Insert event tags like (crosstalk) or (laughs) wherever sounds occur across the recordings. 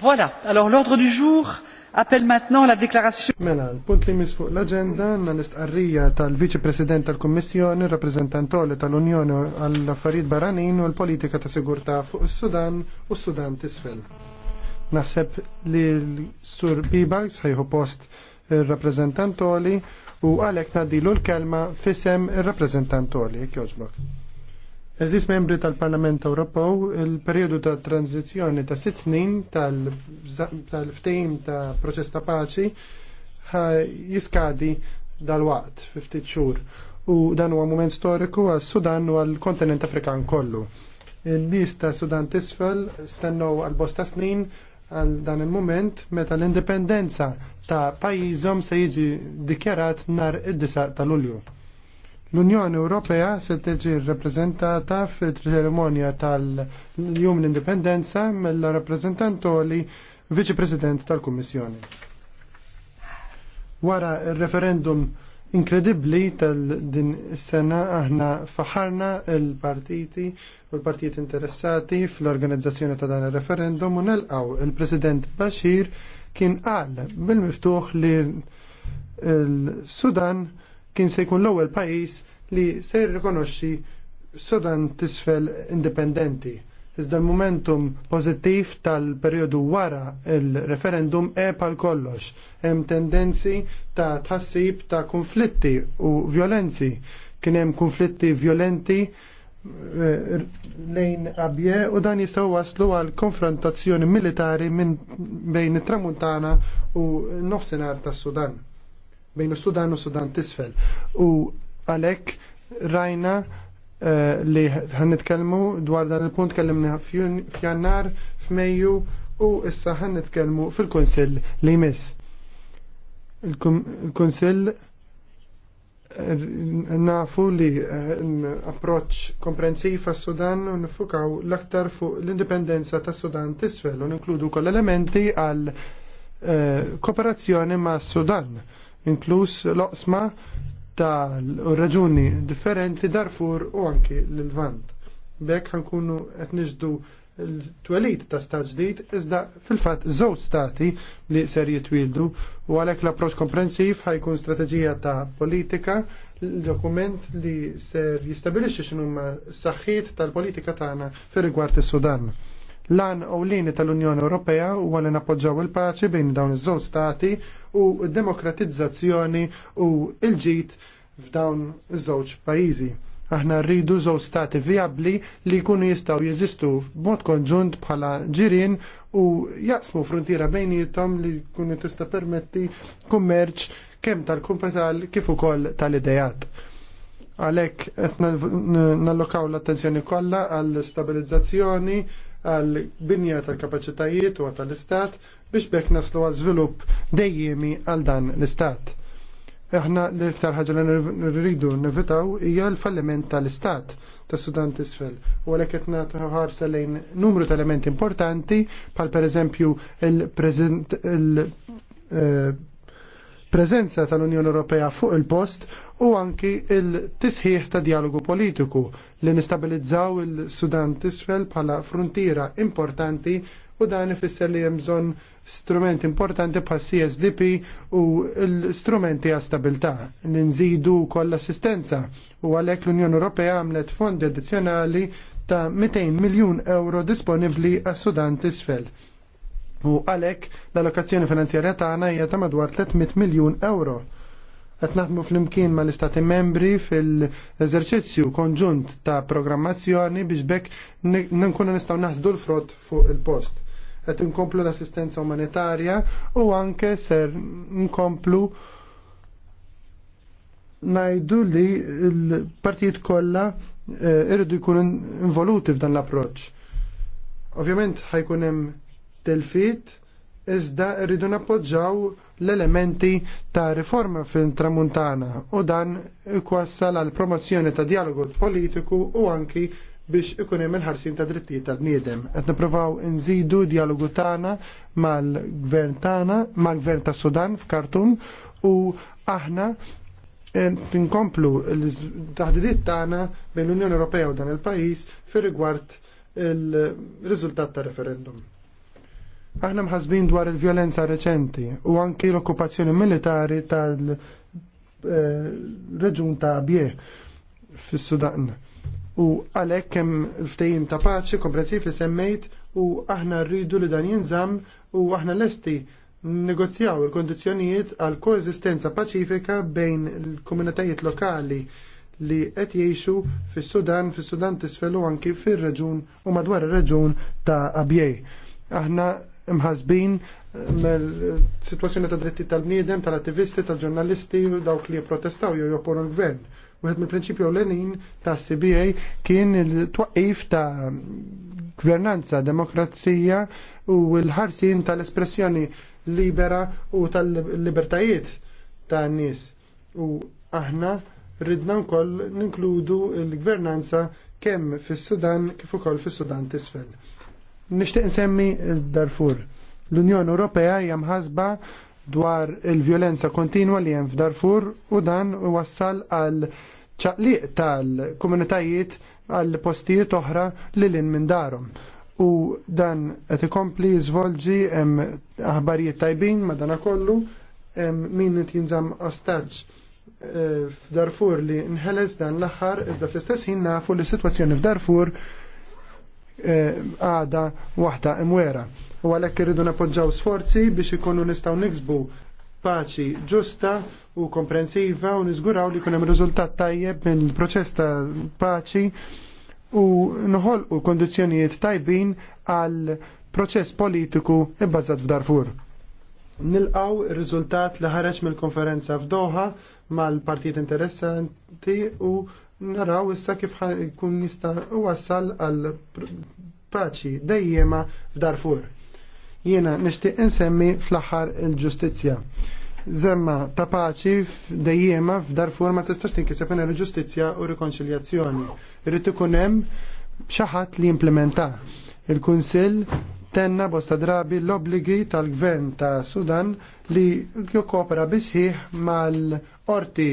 Voilà, alors l'ordre du jour appelle maintenant la déclaration. Mela, l-punt li mis fuq l-agenda nistqarrija tal tal-Viċi-President tal-Kommissjoni, rappresentantoli tal-Unjoni għall-Affarijiet Barranin u l-Politika ta' Sigurtà fuq is-Sudan u s-Sudan tisfel. Naħseb li l-Sur Bibags ħajħu post il-rappresentantoli u għalek nadilu l-kelma fisem il-rappresentantoli. Kjoġbok. Eżis membri tal-Parlament Ewropew, il-periodu ta' tranzizjoni ta' sitt snin tal-ftehim ta' proċess ta' paċi jiskadi dal-waqt, 50 xhur. U dan huwa moment storiku għas-Sudan u għall-kontinent Afrikan kollu. il lista ta' Sudan tisfel stennew għal-bosta snin għal dan il-moment meta l-indipendenza ta' pajjiżhom se jiġi dikjarat nar id-disa ta' Lulju. L-Unjoni Ewropea se tiġi rappresentata fil-ċeremonja tal-Jum l-Indipendenza mill-rappresentantoli Viċi President tal-Kummissjoni. Wara il-referendum Inkredibbli tal-din is-sena aħna faħarna il-partiti u l partiti interessati fl-organizzazzjoni ta' dan il-referendum u nelqaw il-President Bashir kien qal bil-miftuħ li l-Sudan kien se jkun l-ewwel pajjiż li se jirrikonoxxi Sudan tisfel indipendenti. Iżda l-momentum pożittiv tal-perjodu wara il-referendum e pal kollox. Hemm tendenzi ta' tħassib ta' konflitti u violenzi. Kien hemm konflitti violenti eh, lejn abje u dan jistaw waslu għal konfrontazzjoni militari minn bejn tramuntana u nofsenar ta' Sudan bejn is-Sudan u Sudan tisfel. U Għalhekk rajna eh, li ħan dwar dan il-punt kellimna f'jannar, f'Mejju u issa ħan fil-Kunsill li jmiss. Il-Kunsill eh, nafu li eh, approċ komprensiv għas sudan u nifukaw l-aktar fuq l-indipendenza ta' Sudan tisfel u ninkludu kol elementi għal kooperazzjoni ma' Sudan, inkluż l-oqsma ta' raġuni differenti Darfur u anki l-Vant. Bek ħankunu qed niġdu l-twelit ta' stat ġdijt, iżda fil-fatt żewġ stati li ser jitwildu u għalhekk l-approċċ komprensiv ħajkun strateġija ta' politika l dokument li ser jistabilixxi x'inhuma s-saħħiet tal-politika tagħna fil rigward is-Sudan. Lan ewlieni tal-Unjoni Ewropea huwa li nappoġġaw il-paċi bejn dawn iż-żewġ stati u d-demokratizzazzjoni u l-ġid f'dawn iż-żewġ pajjiżi. Aħna rridu żewġ stati viabli li jkunu jistgħu jeżistu b'mod konġunt bħala ġirien u jaqsmu frontiera bejnietom li jkunu tista' permetti kummerċ kemm tal-kumpetal kif ukoll tal-idejat għalek qed nallokaw l-attenzjoni kollha għall stabilizzazzjoni għal binja tal-kapacitajiet u tal-istat biex bekk naslu għal żvilupp dejjemi għal dan l-istat. Aħna l-iktar ħaġa li rridu nevitaw hija l-falliment tal-istat tas Sudan tisfel. U għalhekk qed nagħtu ħarsa lejn numru ta' elementi importanti bħal pereżempju il il eh, preżenza tal-Unjoni Ewropea fuq il-post u anki il-tisħiħ ta' dialogu politiku li nistabilizzaw il-Sudan tisfel bħala frontiera importanti u dan ifisser li hemm bżonn strument importanti bħal CSDP u l-strumenti għas stabilità li nżidu koll assistenza u għalhekk l-Unjoni Ewropea għamlet fondi addizzjonali ta' 200 miljun euro disponibbli għas Sudan tisfel. U għalhekk l-allokazzjoni finanzjarja tagħna hija ta' madwar 300 miljun euro Qed naħdmu flimkien mal istati membri fil-eżerċizzju konġunt ta' programmazzjoni biex bekk nkunu nistgħu naħsdu l-frott fuq il-post. Qed nkomplu l-assistenza umanitarja u anke ser nkomplu najdu li l-partijiet kollha irridu jkunu involuti f'dan l-approċċ. Ovvjament ħajkunem hemm telfit iżda rridu nappoġġaw l-elementi ta' riforma fil-Tramuntana u dan ikwassal għall promozzjoni ta' dialogu politiku u anki biex ikun hemm il-ħarsin ta' drittijiet tal-bniedem. Qed nippruvaw nżidu dialogu tagħna mal-gvern tagħna, mal-gvern ta' Sudan f'Kartum u aħna eh, tinkomplu l-taħdidiet tagħna bejn l-Unjoni Ewropea u dan il-pajjiż fir rigward il-riżultat ta' referendum. Aħna mħazbin dwar il-vjolenza reċenti u anki l-okkupazzjoni militari tal-reġun eh, ta' Abjeh fis-Sudan. U għalhekk hemm ftehim ta' paċi komprensif semmejt u aħna rridu li dan jinżam u aħna lesti negozjaw il-kondizzjonijiet għal koeżistenza paċifika bejn il-komunitajiet lokali li qed jgħixu fis-Sudan, fis-Sudan tisfelu anki fir-reġun u madwar ir-reġun ta' Abjej. Aħna imħazbin eh, mel situazzjoni ta' dritti tal-bniedem, tal-attivisti, tal-ġurnalisti u dawk li protestaw jew jopponu l-gvern. Wieħed mill-prinċipju l-lenin ta' CBA kien il-twaqif ta' gvernanza, demokrazija u l-ħarsin tal-espressjoni libera u tal-libertajiet ta' nies. U aħna ridna wkoll ninkludu l-gvernanza kemm fis-Sudan kif ukoll fis-Sudan t'isfel. Nixtieq nsemmi Darfur. L-Unjoni Ewropea hija mħasba dwar il-vjolenza kontinwa li hemm f'Darfur u dan wassal għal ċaqliq tal-komunitajiet għal postijiet oħra li lin minn darhom. U dan qed ikompli żvolġi hemm aħbarijiet tajbin madanakollu hemm min qed jinżamm ostaġġ eh, f'Darfur li nħeles dan l-aħħar iżda fl-istess ħin nafu li sitwazzjoni f'Darfur Eh, għada waħda imwera. U għalhekk irridu napoġġaw sforzi biex ikunu nistgħu niksbu paċi ġusta u komprensiva u niżguraw li kunem riżultat tajjeb minn proċess ta' paċi u u kondizjonijiet tajbin għal proċess politiku ibbażat f'Darfur. Nilqaw rizultat riżultat li ħareġ mill-konferenza f'Doha mal-partijiet interessanti u naraw issa kif jkun jista' wassal għal paċi dejjema f'Darfur. Jiena nixtieq insemmi fl-aħħar il-ġustizzja. Zemma ta' paċi dejjema f'Darfur ma tistax tinkiseb il ġustizzja u rikonċiljazzjoni. Irrid ikun hemm xi ħadd li jimplementa. Il-Kunsill tenna bosta drabi l-obligi tal-gvern ta' Sudan li jokopra bisħiħ mal-orti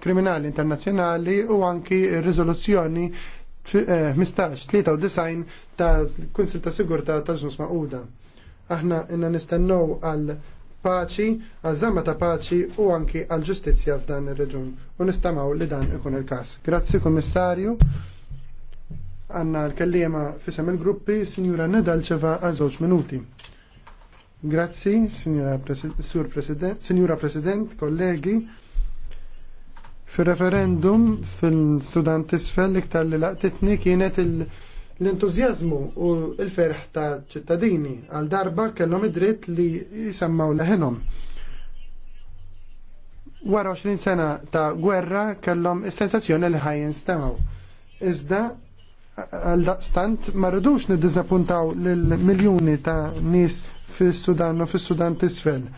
kriminali internazzjonali u anki riżoluzzjoni 15-93 eh, ta' Kunsil ta' Sigurta ta' ġnus Maquda. Aħna inna nistennow għal paċi, għal zamma ta' paċi u anki għal ġustizja f'dan ir-reġun. U nistamaw li dan ikun il-kas. Grazzi, Kommissarju għanna l-kellima fissam il-gruppi, signora Nedalċeva, żewġ minuti. Grazzi, signora President, kollegi, Fil-referendum fil-Sudan tisfel iktar li laqtitni kienet l-entuzjazmu u l-ferħ ta' ċittadini għal darba kellhom id-dritt li jisemmaw leħenhom. Wara 20 sena ta' gwerra kellhom is-sensazzjoni li ħajjin stemaw. Iżda għal daqstant ma rridux niddiżappuntaw lill-miljuni ta' nies fis-Sudan u fis-Sudan tisfel.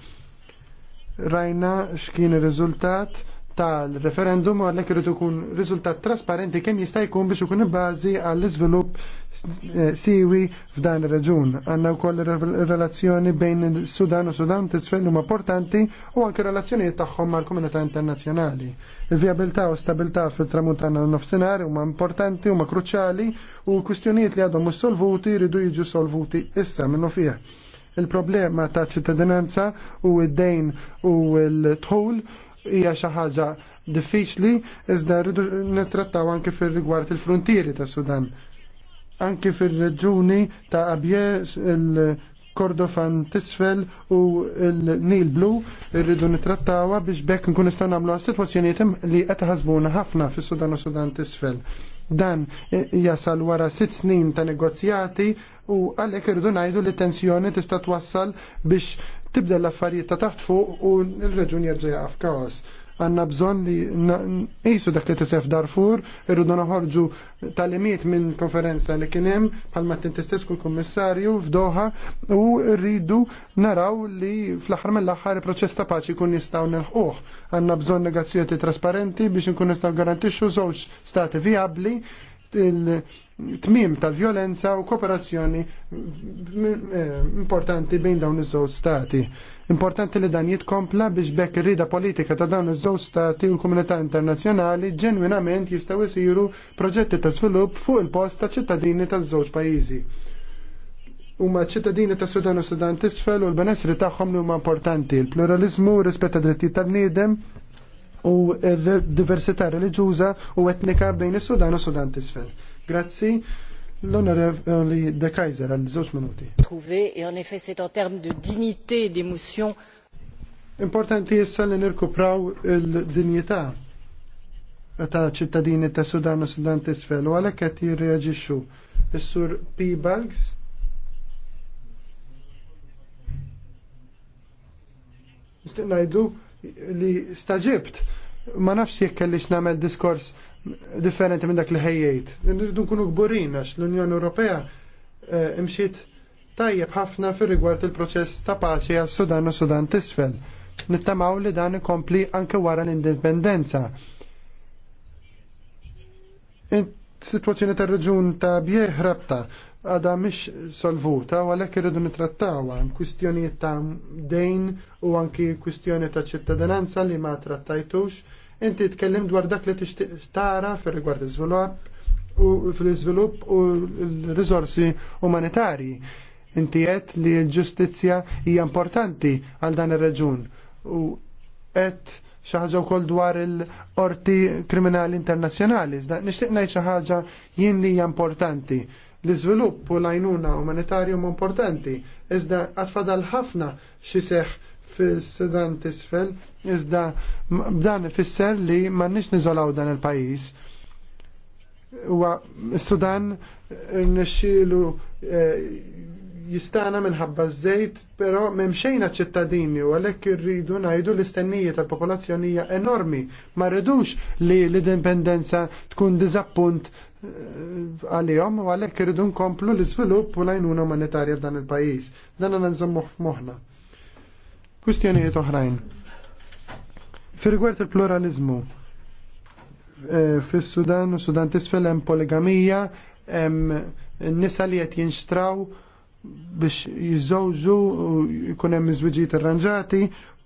Rajna x'kien ir-riżultat tal-referendum għallek irrid ikun riżultat trasparenti kemm jista' jkun biex ikun ibbażi għall iżvilupp eh, siwi f'dan ir-reġun. Għandna wkoll relazzjoni bejn is-Sudan u Sudan tisfel huma importanti u anke relazzjonijiet tagħhom mal-komunità internazzjonali. Il-vjabilità u stabilità fil-tramuntana nofsinhar huma importanti huma kruċjali u kwistjonijiet li għadhom mhux solvuti jridu jiġu solvuti issa minnu fih il-problema ta' ċittadinanza u id-dejn u l-tħul hija xi ħaġa diffiċli iżda rridu nittrattaw anke fir-rigward il-frontieri ta' Sudan. Anke fir-reġuni ta' Abje, il-Kordofan tisfel u il-Nil Blu rridu nittrattawha biex bekk nkun nistgħu nagħmlu għas-sitwazzjonijiet li qed ħasbuna ħafna fis-Sudan u Sudan tisfel. Dan jasal wara sitt snin ta' negozjati u għalhekk irridu ngħidu li tensjoni tista' twassal biex tibda l-affarijiet ta' taħt fuq u l-reġun jerġa' jaqaf kaos. Għanna bżon li qisu dak li tisef Darfur, irridu naħorġu tal-imiet minn konferenza li kien hemm bħalma tinti stess kull kummissarju f'Doha u rridu naraw li fl-aħħar mill-aħħar proċess ta' paċi kun jistgħu nilħquh. Għanna bżonn negozjati trasparenti biex nkun nistgħu garantixxu żewġ stati viabli il-tmim tal-violenza u kooperazzjoni importanti bejn dawn iż-żewġ stati. Importanti li dan jitkompla biex bekk ir-rida politika ta' dawn iż-żewġ stati u l-komunità internazzjonali ġenwinament jistgħu jsiru proġetti ta' svilupp fuq il-post ta' ċittadini taż-żewġ pajjiżi huma ċittadini ta' Sudan u Sudan tisfel u l-benessri tagħhom li huma importanti. Il-pluralizmu, rispetta drittijiet tal-niedem, u diversità reliġjuża u etnika bejn is-Sudan u Sudan t'isfel. Grazzi. L'onorevoli De Kaiser, għal żewġ minuti. Trouvé, et en effet, c'est en termes de dignité et d'émotion. Importanti jissa li nirkupraw il-dinjità ta' cittadini ta' Sudan u Sudan tisfel u għalhekk qed jirreaġixxu. Is-sur P. Balgs Nixtieq ngħidu li staġibt ma nafx jekk kellix nagħmel diskors differenti minn dak li ħejjejt. Nridu nkunu gburin għax l-Unjoni Ewropea eh, imxiet tajjeb ħafna fir rigward il-proċess ta' paċi għas sudan u Sudan tisfel. Nittamaw li dan ikompli anke wara l-indipendenza. Situazzjoni tar reġun ta' bieħ rabta għada mish solvuta, u għalek irridu nitrattawa, kwistjonijiet ta' dejn u anki kwistjoni ta' ċittadinanza li ma trattajtux. Inti tkellim dwar dak li tixtieq tara fir rigward iżvilupp u fil-iżvilupp u l rizorsi umanitarji. Inti għet li l-ġustizzja hija importanti għal dan ir-reġun u għet xaħġa u koll dwar il-qorti kriminali internazzjonali. Nixtieq ngħid xi ħaġa jien li hija importanti L-iżvilupp u l-għajnuna umanitarju huma importanti, iżda għatfadal ħafna xi seħħ fis-Sudan tisfel, iżda b'dan ifisser li nix niżolaw dan il-pajjiż. U sudan eh, nixxielu eh, jistana minħabba z-zejt, però memxejna ċittadini u għalhekk irridu ngħidu l-istennija tal-popolazzjoni hija enormi. Ma rridux li l-indipendenza tkun diżappunt eh, għalihom u għalhekk irridu nkomplu l-iżvilupp u l-għajnuna umanitarja f'dan il-pajjiż. Dan għandna nżommu f'moħħna. Kwistjonijiet oħrajn. Firgwert il-pluralizmu. Eh, Fis-Sudan u Sudan tisfel hemm poligamija, hemm nisa li qed jinxtraw biex jizzawġu u jkun hemm iżwiġijiet arranġati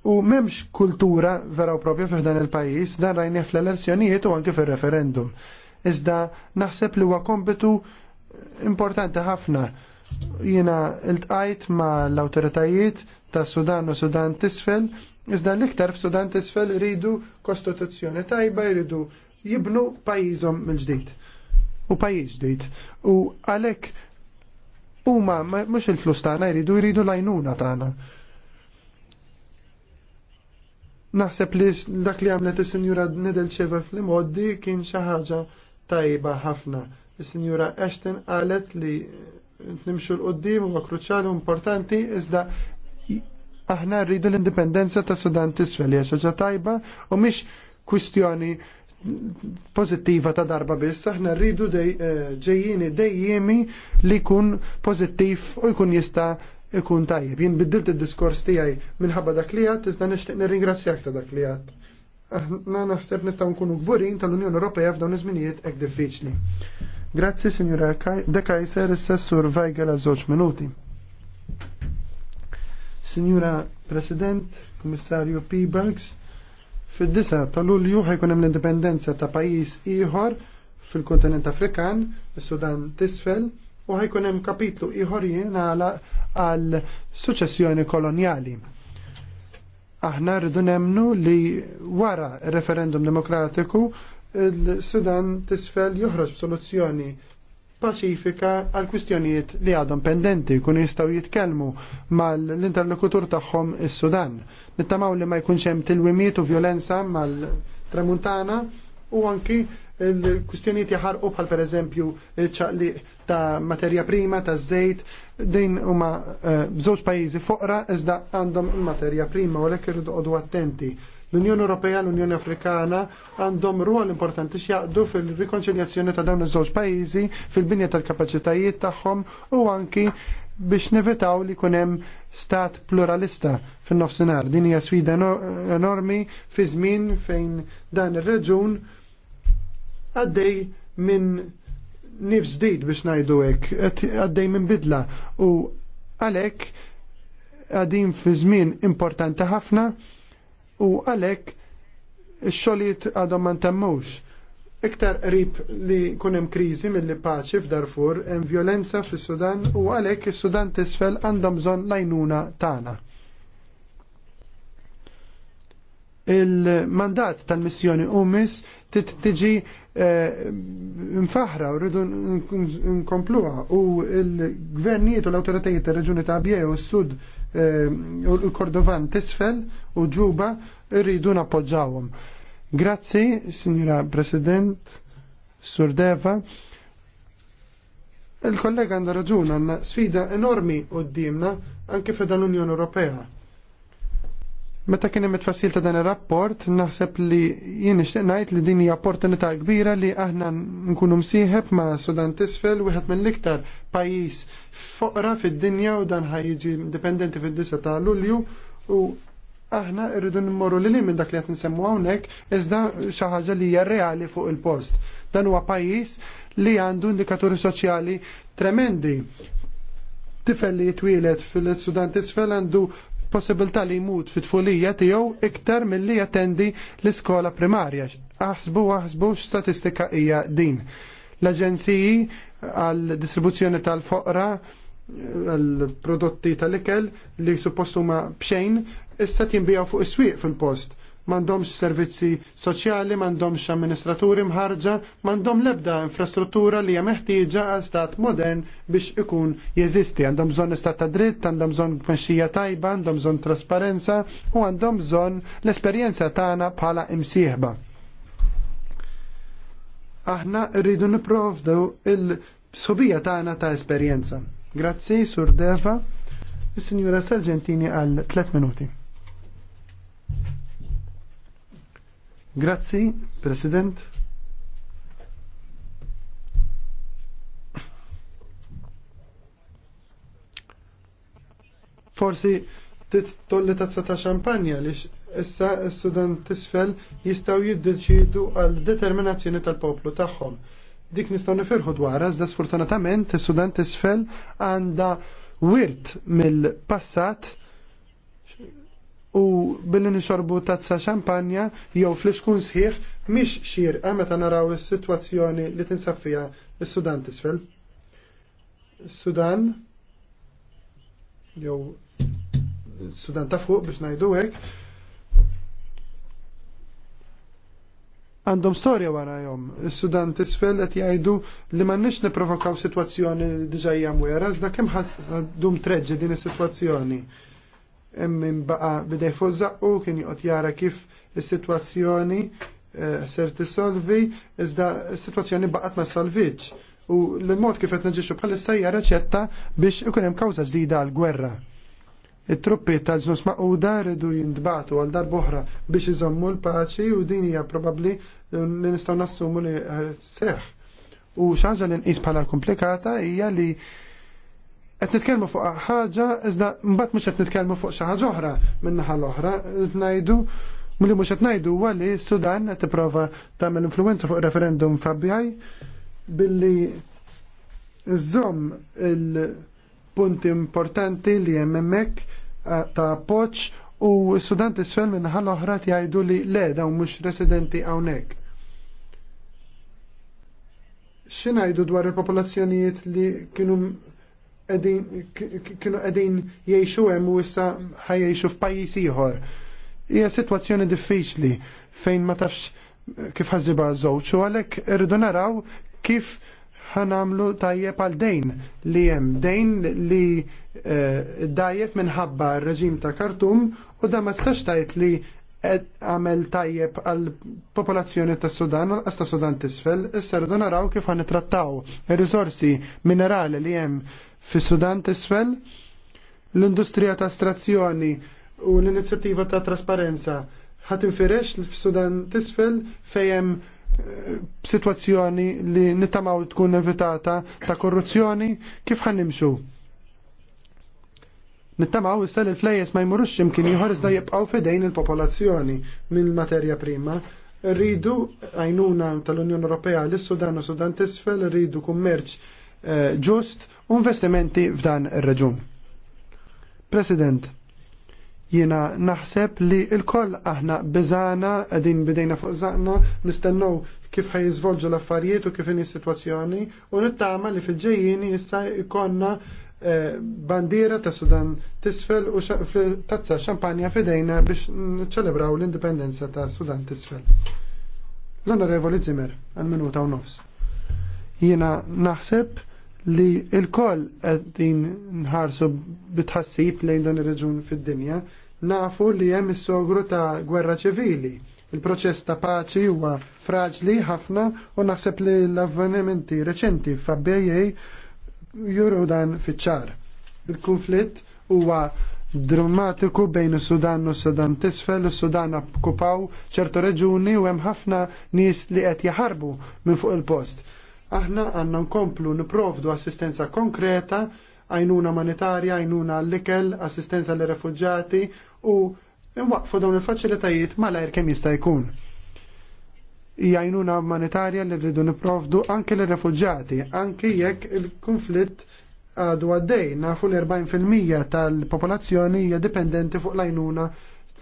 u m'hemmx kultura vera u propja f'dan il-pajjiż dan rajni fl-elezzjonijiet u anke fir-referendum. Iżda naħseb li huwa kompitu importanti ħafna. Jiena iltqajt ma' l-awtoritajiet ta' Sudan u Sudan tisfel, iżda l-iktar f'Sudan tisfel iridu kostituzzjoni tajba, jridu jibnu pajjiżhom mill-ġdid. U pajjiż ġdid. U għalhekk Huma mhux il-flus tagħna jridu jridu l-għajnuna tagħna. Naħseb li dak li għamlet is-Sinjura Nedelċeva fl moddi kien xi ħaġa tajba ħafna. Is-Sinjura Ashton qalet li nimxu l-qoddim huwa kruċjali importanti iżda aħna rridu l-indipendenza ta' Sudan t-isfel, xaġa tajba u mhix kwistjoni pozittiva ta' darba biss, aħna rridu eh, ġejjini dejjemi li jkun pozittiv u jkun jista' ikun tajjeb. Jien biddilt id-diskors tiegħi minħabba dak li għad, iżda nixtieq nirringrazzjak ta' dak li għad. Aħna naħseb nistgħu nkunu gburin tal-Unjoni Ewropea f'dawn iż-żminijiet hekk diffiċli. Grazzi, Sinjura De Kaiser, is-sessur Vajgela, għal żewġ minuti. Signora President, Kummissarju P. Banks, Fid-disa ta' Lulju ħajkun hemm l-indipendenza ta' pajjiż ieħor fil-kontinent Afrikan, is-Sudan t'isfel, u ħajkun hemm kapitlu ieħor jingħala għal suċessjoni kolonjali. Aħna rridu nemnu li wara referendum demokratiku il-Sudan t'isfel joħroġ b'soluzzjoni paċifika għal kwistjonijiet li għadhom pendenti kun jistgħu jitkellmu mal-interlokutur tagħhom is-Sudan. Nittamaw li ma jkunx hemm tilwimiet u violenza mal-Tramuntana u anki il-kustjoniet jaħarqu bħal per eżempju ċaqli ta' materja prima, ta' zejt, din huma bżewġ eh, pajjiżi foqra iżda għandhom il-materja prima u lekk irridu attenti. L-Unjoni Ewropea, l-Unjoni Afrikana għandhom rwol importanti x'jaqdu fil-rikonċiljazzjoni ta' dawn iż-żewġ pajjiżi fil-binja tal-kapaċitajiet tagħhom u anki biex nevitaw li kunem stat pluralista fin-nofsinhar. Din hija sfida enormi fi żmien fejn dan ir-reġun għaddej minn nif ġdid biex najdu hekk, għaddej minn bidla u għalhekk għadin fi żmien importanti ħafna u għalek xolit għadhom ma ntemmux. Iktar qrib li kunem krizi mill-li paċi f'Darfur, hemm violenza fis-Sudan u għalek is-Sudan tisfel għandhom bżonn lajnuna tagħna. Il-mandat tal-missjoni UMIS tiġi eh, mfaħra u rridu nkompluha u l-gvernijiet u l-awtoritajiet tar-reġuni ta' u s-Sud il eh, kordovan tisfel u ġuba rridu nappoġġawhom. Grazzi, Signora President, Surdeva. Il-kollega għandha raġuna għandna sfida enormi qoddimna anke fedan l-Unjoni Ewropea Meta kien hemm it-tfassil ta' dan ir-rapport, naħseb li jien nixtieq ngħid li din hija opportunità kbira li aħna nkunu msieħeb ma' Sudan t'isfel wieħed mill-iktar pajjiż foqra fid-dinja u dan ħajjiġi indipendenti fid-disa ta' Lulju u aħna rridu nmorru li minn dak li qed nsemmu hawnhekk iżda xi ħaġa li hija reali fuq il-post. Dan huwa pajjiż li għandu indikaturi soċjali tremendi tifel li jitwilet fil-Sudan tisfel għandu possibilità li jmut fit-tfulija tiegħu iktar milli jattendi l-iskola primarja. Aħsbu aħsbu statistika hija din. L-aġenziji għal distribuzzjoni tal-foqra għal prodotti tal-ikel li suppostu ma bxejn issa tinbijaw fuq is-swieq fil-post m'għandhomx servizzi soċjali, m'għandhomx amministraturi mħarġa, m'għandhom lebda infrastruttura li hija meħtieġa għal stat modern biex ikun jeżisti. Għandhom bżonn stat ta' dritt, għandhom bżonn tmexxija tajba, għandhom bżonn trasparenza u għandhom bżonn l-esperjenza tagħna bħala imsieħba. Aħna rridu nipprovdu il-sobija tagħna ta' esperjenza. Grazzi, Sur Deva. Is-Sinjura Sargentini għal 3 minuti. Grazzi, President. Forsi tit tolli tazza ta' xampanja li issa s-Sudan tisfel jistaw jiddeċidu għal determinazzjoni tal-poplu tagħhom. Dik nistgħu nifirħu dwar iżda sfortunatament is-Sudan tisfel għandha wirt mill-passat u billi nixorbu tazza xampanja jew fl-iskun sħiħ mhix xirqa meta naraw is-sitwazzjoni li tinsab fiha is-Sudan tisfel. Sudan jew Sudan ta' fuq biex ngħidu hekk għandhom storja wara jom. Is-Sudan tisfel qed jgħidu li m'għandniex nipprovokaw sitwazzjoni li diġà hija mwera, iżda kemm ħaddum treġġi din is-sitwazzjoni emmin baqa bidej fuq u kien joqgħod jara kif is-sitwazzjoni eh, ser tisolvi iżda s-sitwazzjoni baqgħet ma solvitx. U l-mod kif qed naġixxu bħalissa hija reċetta biex ikun hemm kawża ġdida għall gwerra it-truppi tal-ġnus maquda rridu jindbatu għal darboħra biex iżommu l-paċi u din hija probabbli li nistgħu nassumu li seħ. U xaġa li nqis bħala komplikata hija li qed nitkellmu fuq ħaġa iżda mbagħad mhux qed nitkellmu fuq xi ħaġa oħra min-naħa l-oħra qed ngħidu Mulli mhux qed ngħidu huwa li Sudan qed tipprova tagħmel influenza fuq referendum fabjaj billi żomm il-punti importanti li hemm hemmhekk eh, ta' appoġġ u s-Sudan tisfel minnaħa l-oħra jgħidu li le dawn mhux residenti hawnhekk xinajdu dwar il-popolazzjonijiet li kienu kienu qegħdin jgħixu hemm u issa ħajjgħixu f'pajjiż ieħor. Hija sitwazzjoni diffiċli fejn ma tafx kif ħażibha żewġ u għalhekk irridu naraw kif ħanamlu tajjeb għal dejn li hemm dejn li eh, dajjeb minħabba r-reġim ta' Kartum u da ma tistax tajt li għamel tajjeb għal popolazzjoni ta' Sudan, għas ta' Sudan tisfel, issa rridu naraw kif għan trattaw il-risorsi minerali li hemm Fis-Sudan t'isfel, l-industrija ta' Strazzjoni u l-inizjattiva ta' trasparenza ħat infirex f'Sudan t'isfel fejem eh, situazzjoni li nittamaw tkun evitata ta' korruzzjoni kif ħan nimxu. Nittamaw issa li l-flejes ma jmurux imkien ieħor iżda jibqgħu fidejn il-popolazzjoni mill-materja prima rridu għajnuna tal-Unjoni Ewropea l sudan u Sudan tisfel, rridu kummerċ eh, ġust u investimenti f'dan ir-reġun. President, jiena naħseb li l-koll aħna biżana għadin bidejna fuq zaqna nistennew kif ħajizvolġu l-affarijiet u kif in situazzjoni u nittama li fil-ġejjini issa ikonna eh, bandiera ta' Sudan tisfel u tazza xampanja fidejna biex nċelebraw l-indipendenza ta' Sudan tisfel. L-Onorevoli Zimmer, għal-minuta u nofs. Jiena naħseb li il-koll għeddin nħarsu bitħassib lejn dan ir-reġun fid-dinja, nafu li hemm is-sogru ta' gwerra ċivili. Il-proċess ta' paċi huwa fraġli ħafna u naħseb li l-avvenimenti reċenti f'ABA juru dan fiċċar. ċar Il-konflitt huwa drammatiku bejn is-Sudan u s-Sudan tisfel, is-Sudan okkupaw ċertu reġuni u hemm ħafna nies li qed jaħarbu minn fuq il-post aħna għandna nkomplu niprovdu assistenza konkreta, għajnuna monetarja, għajnuna l-ikel, assistenza l refugġati u nwaqfu dawn il-faċilitajiet malajr kemm jista' jkun. Jajnuna monetarja li rridu niprovdu anke l refugġati anke jekk il-konflitt għadu għaddej, nafu l-40% tal-popolazzjoni hija dipendenti fuq l-għajnuna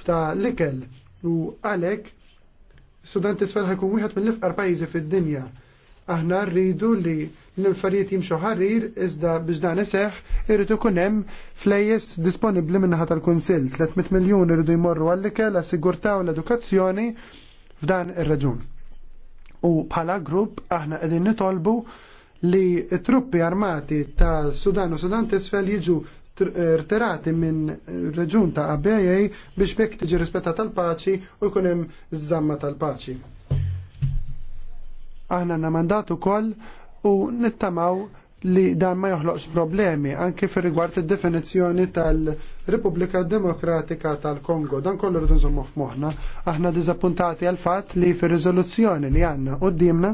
ta' l-ikel u għalek Sudan tisfel ħajkun wieħed mill-ifqar pajjiżi fid-dinja Aħna rridu li l-infarijiet jimxu ħarir iżda biex dan iseħ kunem ikun hemm flejjes disponibbli minnaħa tal-Kunsill. 300 miljun irridu jmorru la sigurta u l-edukazzjoni f'dan ir-raġun. U bħala grupp aħna qegħdin nitolbu li t-truppi armati ta' Sudan u Sudan tisfel jiġu rterati minn reġun ta' ABA biex bekk tiġi rispetta tal-paċi u jkun hemm zamma tal-paċi aħna na mandatu koll u nittamaw li dan ma joħloqx problemi anke fir rigward id-definizzjoni tal-Repubblika Demokratika tal-Kongo. Dan kollu rridu nżommu f'moħħna. Aħna diżappuntati għal fatt li fir riżoluzzjoni li għandna qudiemna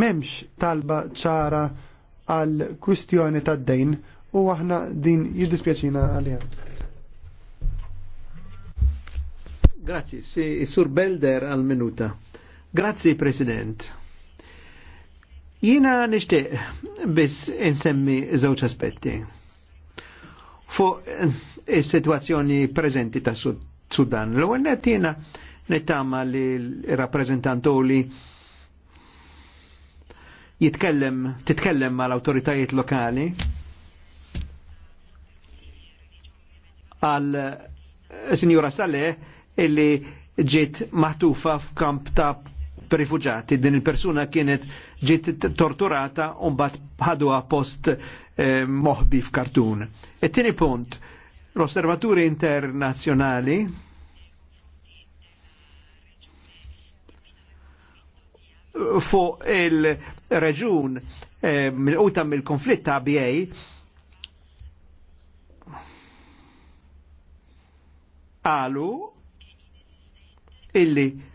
memx talba ċara għal kwistjoni tad-dejn u aħna din jiddispjaċina għalija. Grazie, si, Sur Belder al minuta. Grazie, President. Jina nishtiq bis insemmi żewġ aspetti. Fu eh, is-sitwazzjoni e preżenti ta' Sudan. L-ewwel jina nittama li l-rappreżentantoli jitkellem, titkellem mal autoritajiet lokali għal eh, Signora Saleh illi ġiet maħtufa f'kamp ta' rifugjati. Din il-persuna kienet ġiet torturata u mbagħad ħaduha post eh, moħbi f'kartun. It-tieni punt, l-osservaturi internazzjonali fuq il-reġun eh, mill-quta mill-konflitt ta' BA għalu illi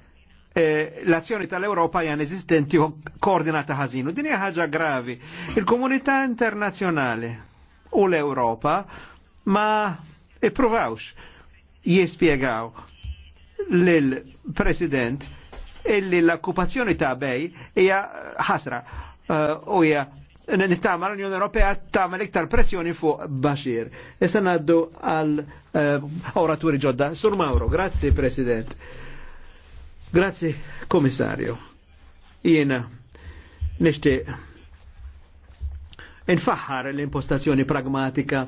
eh, l-azzjoni tal-Europa hija eżistenti u koordinata ħażin. Din hija ħaġa gravi. Il-komunità internazzjonali u l-Europa ma ippruvawx jispjegaw lill-President illi l-okkupazzjoni ta' bej hija ħasra eh, u uh, hija nittama l-Unjoni Ewropea tagħmel iktar pressjoni fuq Bashir. Issa ngħaddu għal uh, eh, oraturi ġodda. Sur Mauro, grazzi President. Grazzi, komissarju. Jiena nixtieq infaħħar l-impostazzjoni pragmatika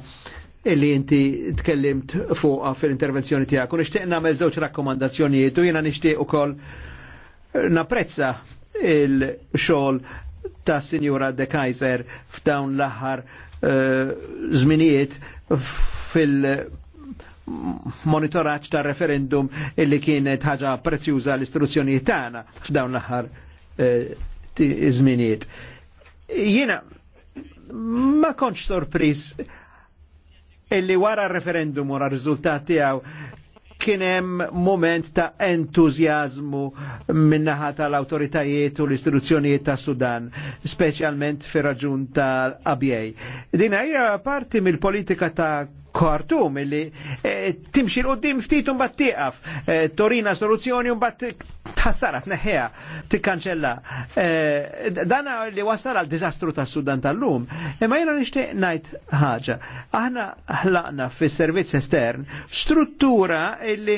illi inti tkellimt fuqa fil-intervenzjoni tijak. Nishti nixtieq nagħmel żewġ rakkomandazzjonijiet u jiena nixtieq ukoll napprezza il-xogħol ta' Signora De Kaiser f'dawn l-aħħar eh, żminijiet fil- monitoraċ ta' referendum illi kienet ħaġa prezzjuża l-istruzzjoni tagħna f'dawn l-aħħar eh, iżminijiet. Jiena ma konċ sorpris illi wara referendum wara r-riżultat tiegħu kien hemm moment ta' entużjażmu minnaħa tal-awtoritajiet u l-istituzzjonijiet ta' Sudan, speċjalment fir raġun tal-ABA. Din hija parti mill-politika ta' kartum illi eh, timxi l-qoddim ftit un tieqaf eh, torina soluzzjoni un bat tħassara tneħħeha tikkanċella. Eh, dana li wasal għal diżastru tas sudan tal-lum. Imma jiena nixtieq ngħid ħaġa. Aħna ħlaqna fis-servizz estern struttura illi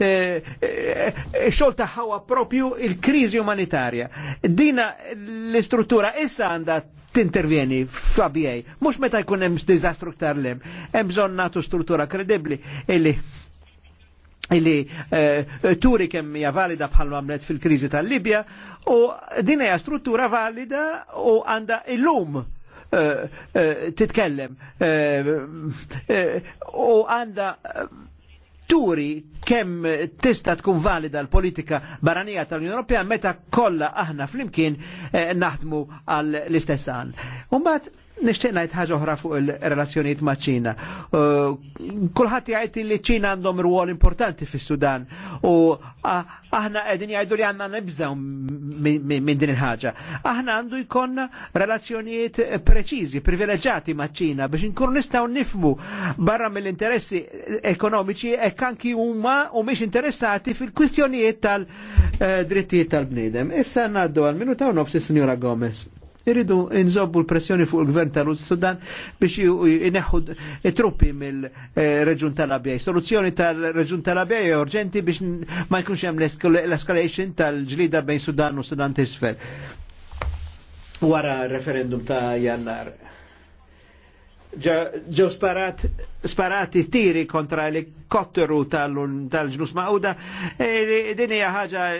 xogħol tagħha propju il-kriżi umanitarja. Dina l-istruttura issa għandha tintervjeni f'ABA, mux meta jkun hemm diżastru ktar lem, hemm bżonn nagħtu struttura kredibbli illi illi uh, turi kemm hija valida bħal għamlet fil-kriżi tal-Libja u din hija struttura valida u għandha illum eh, eh, titkellem eh, eh, u għandha turi kemm tista tkun valida l-politika barranija tal-Unjoni Ewropea meta kollha aħna flimkien eh, naħdmu għall istess għan. Nishtiq ngħid ħaġa oħra fuq il-relazzjonijiet ma' Ċina. Uh, kulħadd jgħid li Ċina għandhom rwol importanti fis-Sudan u aħna qegħdin jgħidu li għandna nibżgħu minn din il-ħaġa. Aħna għandu jkollna relazzjonijiet preċiżi, privileġġati ma' Ċina biex inkunu nistgħu nifmu barra mill-interessi ekonomiċi e anki huma u mhix interessati fil-kwistjonijiet tal-drittijiet eh, tal-bniedem. Issa ngħaddu għal minuta u nofs signora sinjura Gomez. Iridu nżobbu l-pressjoni fuq il-gvern tal-Sudan biex ineħħu e truppi mill-reġun tal-Abjaj. Soluzzjoni tal-reġun tal-Abjaj urġenti biex ma jkunx hemm l-escalation tal-ġlida bejn Sudan u Sudan tisfel. Wara referendum ta' jannar. Ġew sparat sparati tiri kontra l-kotteru tal-ġnus ma'uda, e din hija ħaġa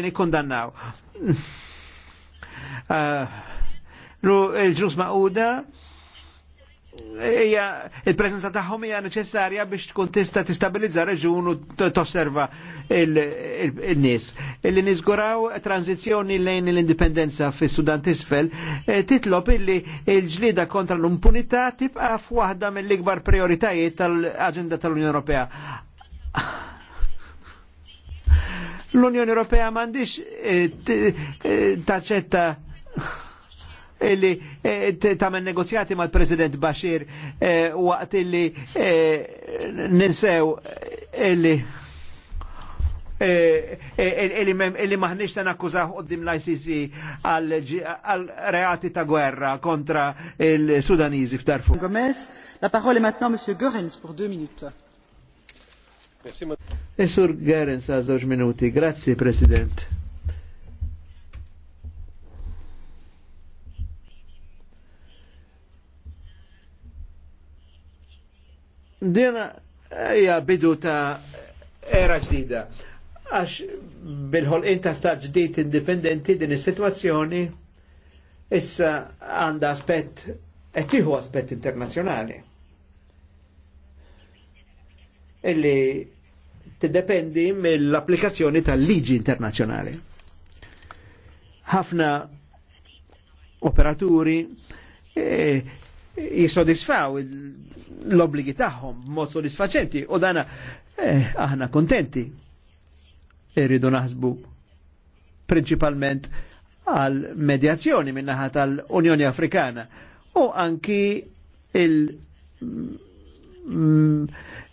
li Uh, (laughs) il ġus maquda hija il-preżenza tagħhom hija neċessarja biex tkun tista' tistabilizza reġun u tosserva il-nies. Illi niżguraw tranzizzjoni lejn l-indipendenza fis-Sudan tisfel eh, titlob illi il-ġlida kontra l-impunità tibqa' f'waħda mill-ikbar prioritajiet tal-aġenda tal-Unjoni Ewropea l-Unjoni Ewropea m'għandix eh, eh, taċċetta illi eh, tamen negozjati mal-President Bashir eh, waqt illi eh, ninsew illi illi maħnix ta' nakkużaħ qoddim l-ICC għal reati ta' gwerra kontra il-Sudanizi f'Darfur. Gomez, la parola est maintenant Monsieur Görens pour 2 minutes. Monsieur Görens, għazoġ minuti. Grazie, President. Dina hija bidu ta' era ġdida. Għax bil-ħolqin ta' stat ġdid indipendenti din is-sitwazzjoni issa għandha aspett qed tieħu aspett internazzjonali. Illi tiddependi mill-applikazzjoni tal-liġi internazzjonali. Ħafna operaturi eh, jisodisfaw l-obligi tagħhom mod sodisfaċenti u dana eh, aħna kontenti. Irridu naħsbu prinċipalment għal medjazzjoni minnaħa tal-Unjoni Afrikana u anki il- mm,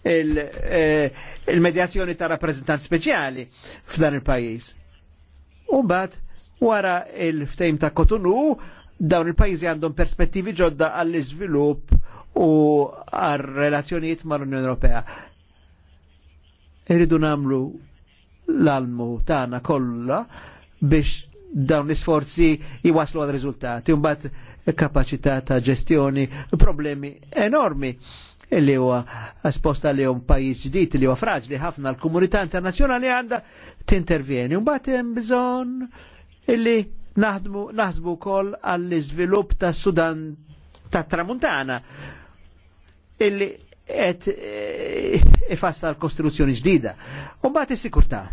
eh, il-medjazzjoni il ta' rappresentant speċjali f'dan il-pajis. U bat wara il-ftejm ta' Kotonu dawn il-pajjiżi għandhom perspettivi ġodda għall-iżvilupp u għal-relazzjonijiet mal-Unjoni Ewropea. Irridu namlu l-almu tagħna kollha biex dawn l-isforzi jwaslu għal riżultati bat kapacità ta' ġestjoni, problemi enormi li huwa sposta li huwa pajjiż ġdid li huwa fraġli ħafna l-komunità internazzjonali għandha tintervjeni. bat hemm bżonn illi naħdmu naħsbu kol għall-iżvilupp ta' Sudan ta' Tramuntana illi qed eh, ifassa e, e l-kostruzzjoni ġdida. U mbagħad is-sikurtà.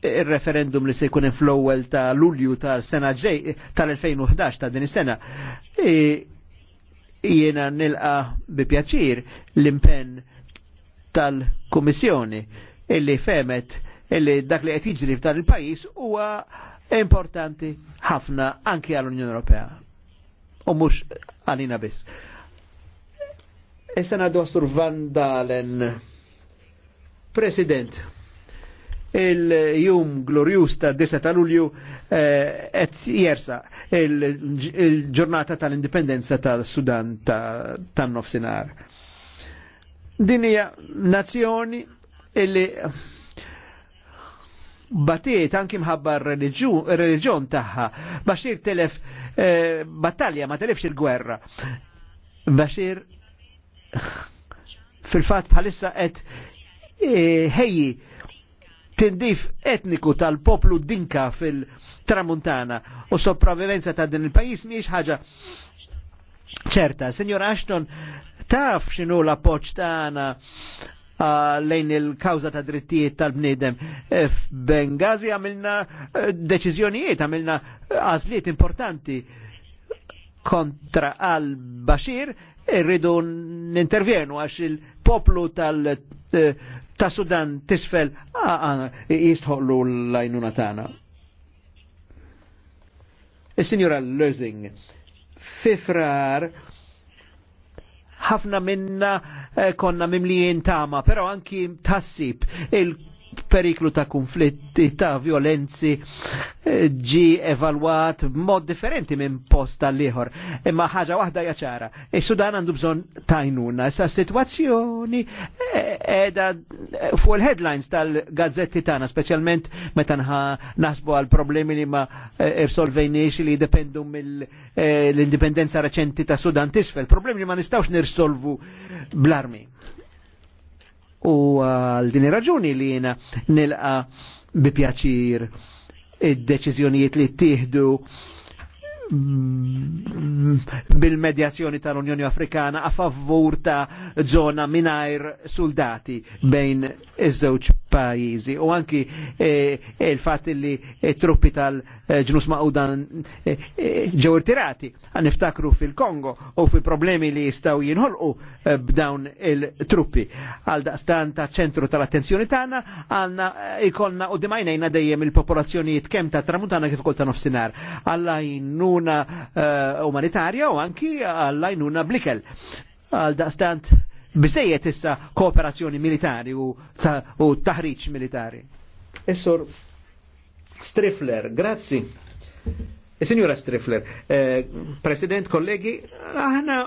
il-referendum li se jkun fl-ewwel ta' Lulju ta' sena ġej tal-2011 ta' din is-sena. Jiena nilqa bi pjaċir l-impenn tal-Kummissjoni illi femet illi dak li qed jiġri f'dan il-pajjiż huwa importanti ħafna anki għall-Unjoni Ewropea. U mhux għalina biss. Issa ngħidu għastur Van Dalen, President, il-jum glorjus ta' 10 ta' Lulju qed eh, jersa il-ġurnata tal-indipendenza tal-Sudan tan-nofsinhar. Din hija nazzjoni illi batiet anki mħabba r-reġjon tagħha Baxir telef eh, battalja ma telefx il-gwerra. Baxir fil-fatt bħalissa qed eh, ħeji tindif etniku tal-poplu dinka fil-tramuntana u s-sopravivenza ta' din il-pajis miex ħaġa ċerta. Signor Ashton, taf xinu la appoċ tagħna ah, lejn il-kawza ta' drittijiet tal-bnidem. Eh, F'Bengazi għamilna eh, deċiżjonijiet, għamilna eh, għażliet importanti kontra al-Bashir irridu n-intervjenu għax il-poplu tal- ta' Sudan tisfel ah, ah, jistħollu l-lajnuna tagħna. Il-Signora Lösing, fifrar ħafna minna eh, konna mimlijin tama, pero anki tassib il periklu ta' konflitti, ta' violenzi eh, ġi evalwat mod differenti minn post tal-liħor. Imma ħaġa waħda jaċara. Is-Sudan għandu bżon tajnuna. Issa situazzjoni eh, edha eh, fuq il-headlines tal-gazzetti tagħna, speċjalment meta naħsbu għal problemi li ma irsolvejniex li jdependu mill-indipendenza reċenti ta' Sudan tisfel, problemi li ma nistawx nirsolvu bl-armi. U uh, għal din raġuni li jena nilqa bi pjaċir id-deċizjonijiet li ttieħdu. Mm, bil-medjazzjoni tal-Unjoni Afrikana a favur ta' zona minajr soldati bejn iż-żewġ pajjiżi u anki eh, e, il-fatt li e, truppi tal-ġnus maqudan e, ġew irtirati għan niftakru fil-Kongo u fil-problemi li jistaw jinħolqu b'dawn il-truppi. Għal daqstan ta' ċentru tal-attenzjoni tagħna għanna ikonna u dimajnejna dejjem il popolazzjoni jitkem ta' tramuntana kif ukoll ta' nofsinhar. Alla jinnuna għajnuna eh, umanitarja u anki għall-għajnuna blikel. Għal daqstant bizzejiet issa kooperazzjoni militari u taħriċ militari. Essor Strifler, grazzi. Eh, signora Strifler, eh, President, kollegi, aħna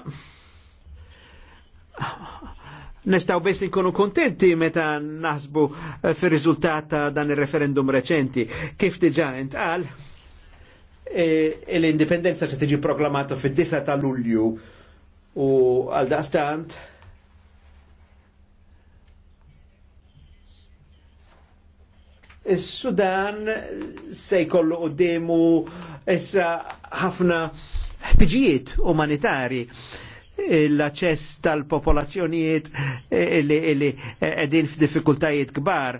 nistaw biss nkunu kontenti meta naħsbu fir-riżultat ta' dan ir referendum reċenti. Kif diġa intqal, E, e l-indipendenza se tiġi proklamata fid-9 ta' Lulju u għal dastant Is-Sudan se jkollu quddiemu issa ħafna ħtiġijiet umanitari l-aċċess tal-popolazzjonijiet e, li qegħdin f'diffikultajiet kbar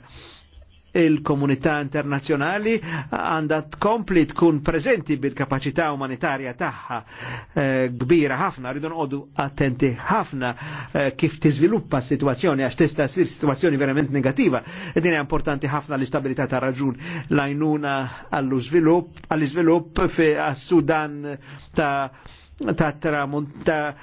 il-komunità internazjonali għandha tkompli tkun preżenti bil-kapaċità umanitarja tagħha eh, kbira ħafna, rridu nqogħdu attenti ħafna eh, kif tiżviluppa s-sitwazzjoni għax tista' ssir sitwazzjoni verament negattiva. Din hija importanti ħafna l-istabilità ta' raġun lajnuna għall-iżvilupp għall-iżvilupp fi sudan ta' ta' tramunt ta'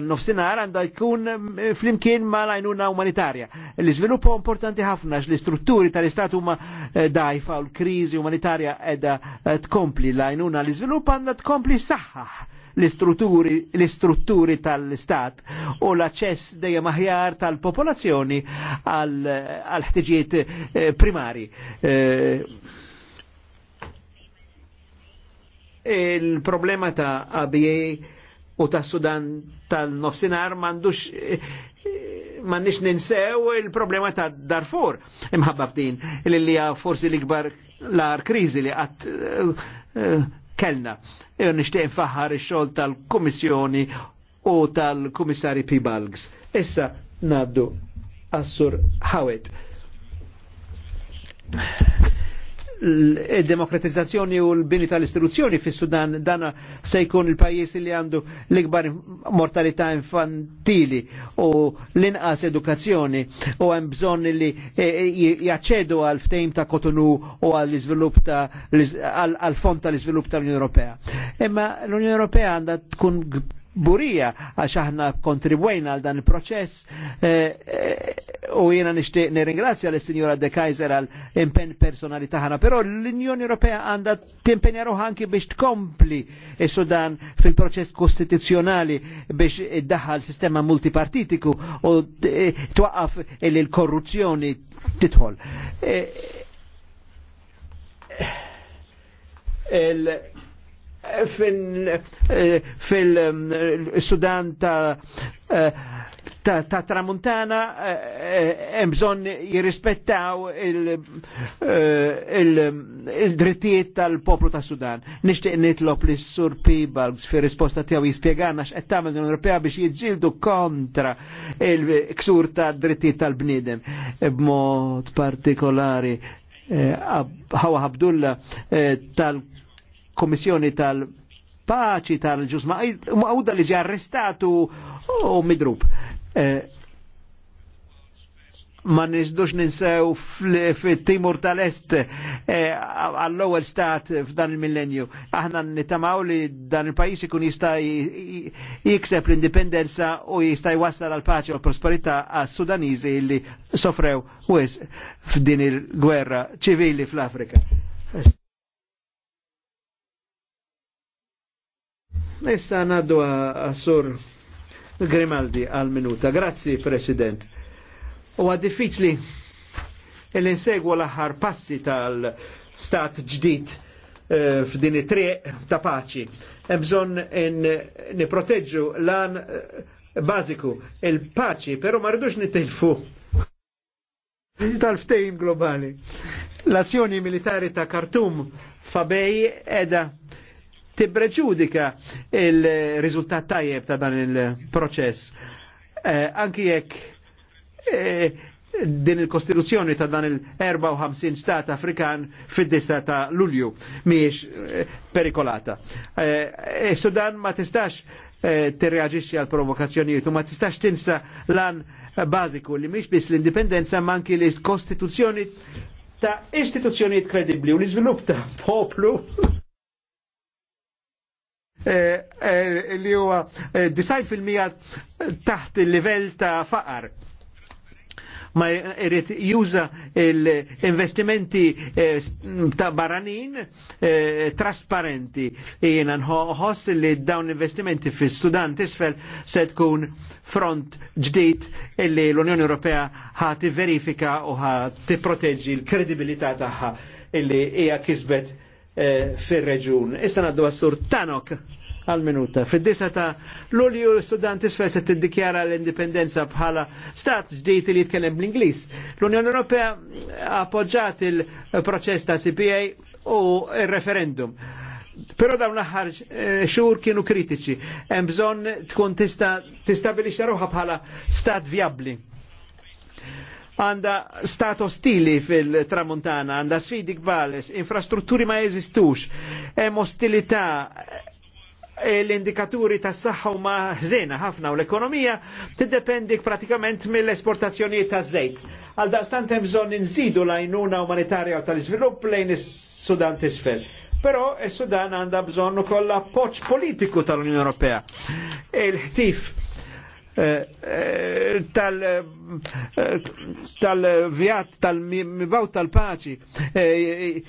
nofsinar għandha jkun eh, flimkien ma' lajnuna umanitarja. l izviluppo importanti ħafna l-istrutturi tal-istat huma eh, dajfa u l krizi umanitarja edha eh, tkompli lajnuna l-izvilupp għandha tkompli saħħaħ l-istrutturi tal-istat u l-aċċess dejjem aħjar tal-popolazzjoni għal ħtiġijiet primari. E il-problema ta' ABA u ta' Sudan tal-nofsinar mandux man nix ninsew il-problema ta' Darfur imħabba f'din li li forsi l-ikbar l-ar krizi li għat eh, eh, kellna. Ejo nishtiq nfaħħar il-xol tal-Kummissjoni u tal-Kummissari P. Balgs. Issa naddu Assur Hawet il-demokratizzazzjoni u l-bini tal-istituzzjoni fis sudan dan se jkun il-pajis li għandu l-ikbar mortalità infantili u l-inqas edukazzjoni u għem bżon li e, e, jaċċedu għal ftejm ta' kotonu u għal iżvilupp ta' għal fond tal izvilup tal-Unjoni Ewropea. Imma l-Unjoni Ewropea għandha tkun burija għax aħna kontribwejna għal dan il-proċess eh, eh, u jiena nixtieq nirringrazzja l sinjora De Kaiser għal impenn personali taħna, però l-Unjoni Ewropea għandha timpenja ruħ anki biex tkompli is-Sudan fil-proċess kostituzzjonali biex iddaħħal sistema multipartitiku u eh, twaqqaf il-korruzzjoni titħol Eh, fil-Sudan eh, ta' eh, ta', ta tramuntana hemm jirrispettaw il-drittijiet tal-poplu ta' Sudan. Nishtiq nitlob li sur Peebles fi risposta tijaw jispjegana x'qed tagħmel l-Unjoni Ewropea biex jiġġieldu kontra il-ksur ta' drittijiet tal-bniedem e b'mod partikolari Hawa Abdullah tal tal-Komissjoni tal-Paċi tal-Ġusma, għawda li ġi arrestatu u midrub. Eh, ma nisdux ninsew fil-Timur tal-Est eh, għall-ewwel stat f'dan il-millenju. Aħna nitamaw li dan il pajis ikun jista' jikseb l-indipendenza u jista' jwassal għal paċi u l-prosperita għas sudanizi li sofrew wis f'din il-gwerra ċivili fl-Afrika. Issa naddu għasur Grimaldi għal-minuta. Grazzi, President. U għad diffiċli l-insegwu l-aħħar passi tal-stat ġdid eh, f'din it-triq ta' paċi. Hemm niproteġu lan eh, baziku il-paċi, però ma rridux nitilfu tal-ftejm globali. L-azzjoni militari ta' Kartum bej edha tibreġudika il-riżultat tajjeb ta' dan il-proċess. Eh, anki jekk eh, din il-kostituzzjoni ta' dan il-54 stat Afrikan fid-dista ta' Lulju miex eh, perikolata. Eh, e Sudan ma tistax tirreagġixxi għal provokazzjonijiet u ma tistax tinsa lan baziku li mhix biss l-indipendenza ma anki l-kostituzzjoni ta' istituzzjonijiet kredibbli u l-iżvilupp ta' poplu (laughs) Eh, eh, li huwa 90% eh, taħt il-livell ta' faqar ma irrit juża l-investimenti ta' baranin eh, trasparenti. Jiena nħoss li dawn investimenti fis sudan tisfel se tkun front ġdid li l-Unjoni Ewropea ħati verifika u ħati proteġi l-kredibilità illi hija kisbet Eh, fir-reġun. Issa għaddu għassur Tanok għal-minuta. Fid-disa ta' Lulju l-Sudan tisfel t-dikjara l-indipendenza bħala stat ġdijt li jitkellem bl-Inglis. L-Unjoni Ewropea appoġġat il-proċess ta' CPA u il-referendum. Pero dawn l-aħħar eh, xhur kienu kritiċi. Hemm bżonn tkun tista' tistabilixxa ruħha bħala stat vjabbli għanda stato stili fil-tramuntana, għanda sfidi gbales, infrastrutturi ma jeżistux, hemm ostilità, e l-indikaturi tas saħħa ma ħżena ħafna u l-ekonomija t-dependi pratikament mill-esportazzjonijiet ta' żejt. Għal daqstant hemm bżonn inżidu l-għajnuna umanitarja u tal-iżvilupp lejn is-Sudan t'isfel. Però is-Sudan għandha bżonn ukoll appoġġ politiku tal-Unjoni Ewropea. Il-ħtif Eh, eh, tal-vjat, eh, tal-mibaw tal-paċi.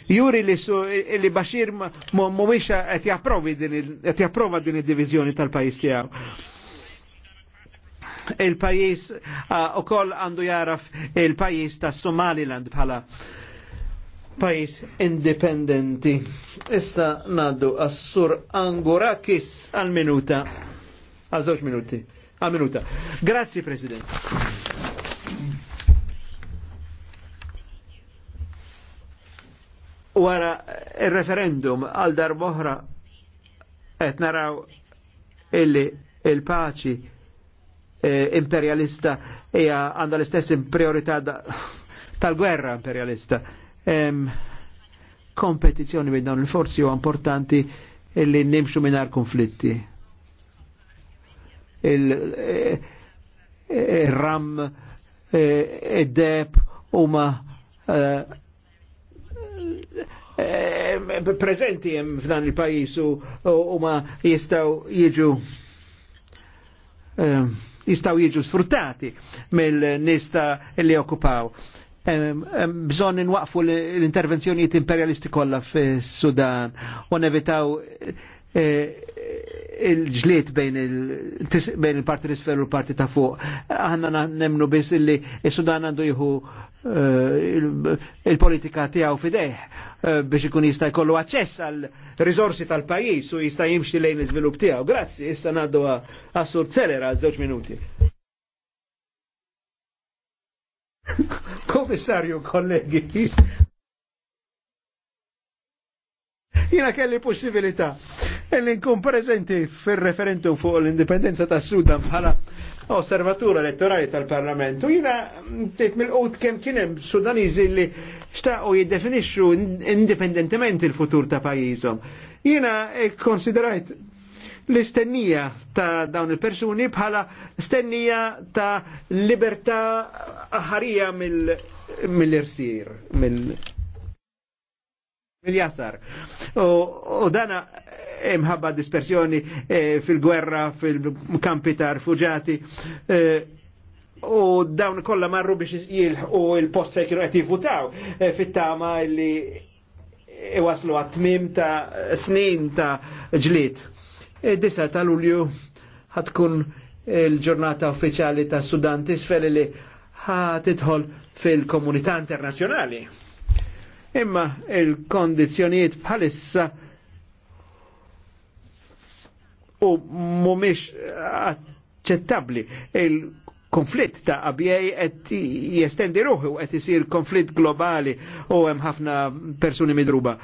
Juri li su li Bashir mumiex qed japprova din id-diviżjoni tal-pajjiż tiegħu. Il-pajjiż ukoll għandu jaraf il-pajjiż ta' Somaliland bħala pajjiż indipendenti. Issa ngħaddu assur sur Angurakis għal-minuta. Għal żewġ minuti għal minuta. Grazie, President. Wara eh, il-referendum għal darboħra qed naraw illi il-paċi eh, imperialista hija għandha l-istess priorità tal-gwerra imperialista. Em, kompetizjoni bejn dawn il-forzi huwa importanti illi nimxu minar konflitti il-ram eh, eh, id-deb eh, huma prezenti hemm f'dan il-pajjiż u huma jistgħu jiġu jistaw jiġu sfruttati mill-nista li okkupaw. Bżon nwaqfu l-intervenzjonijiet imperialisti kollha fis-Sudan u nevitaw E, il-ġliet bejn il-parti l-isfel u l-parti ta' fuq. Għanna nemnu biss illi il-Sudan għandu jħu e, il-politika tijaw fideħ e, biex ikun jista' jkollu aċċess għal risorsi tal-pajis u jista' jimxi lejn iż-żvilupp tiegħu. Grazzi, issa ngħaddu għas-sur Celera għal żewġ minuti. (laughs) Komissarju, kollegi. (laughs) Jina kelli possibilità illi nkun prezenti fil-referendum fuq l-indipendenza ta' Sudan bħala osservatura elettorali tal-Parlamentu. Jina tejt mill-qut kem kienem Sudanizi li u jiddefinixxu indipendentement il-futur ta' pajizom. Jina konsiderajt l-istennija ta' dawn il-persuni bħala stennija ta' libertà ħarija mill-irsir, mill-jasar. U dana imħabba dispersjoni eh, fil-gwerra, fil-kampi ta' rifugjati eh, u dawn kollha marru biex jilħu il-post fejn kienu qed jivvutaw eh, fit-tama li iwaslu għat-tmim ta' snin ta' ġlit. Disa ta' lulju ħatkun il-ġurnata uffiċjali ta' Sudan tisfel li ħatidħol fil-komunità internazjonali. Imma il-kondizjonijiet bħalissa u mumiex ċettabli Il-konflitt ta' ABA qed jestendi ruħu u qed isir konflitt globali u hemm ħafna persuni midruba.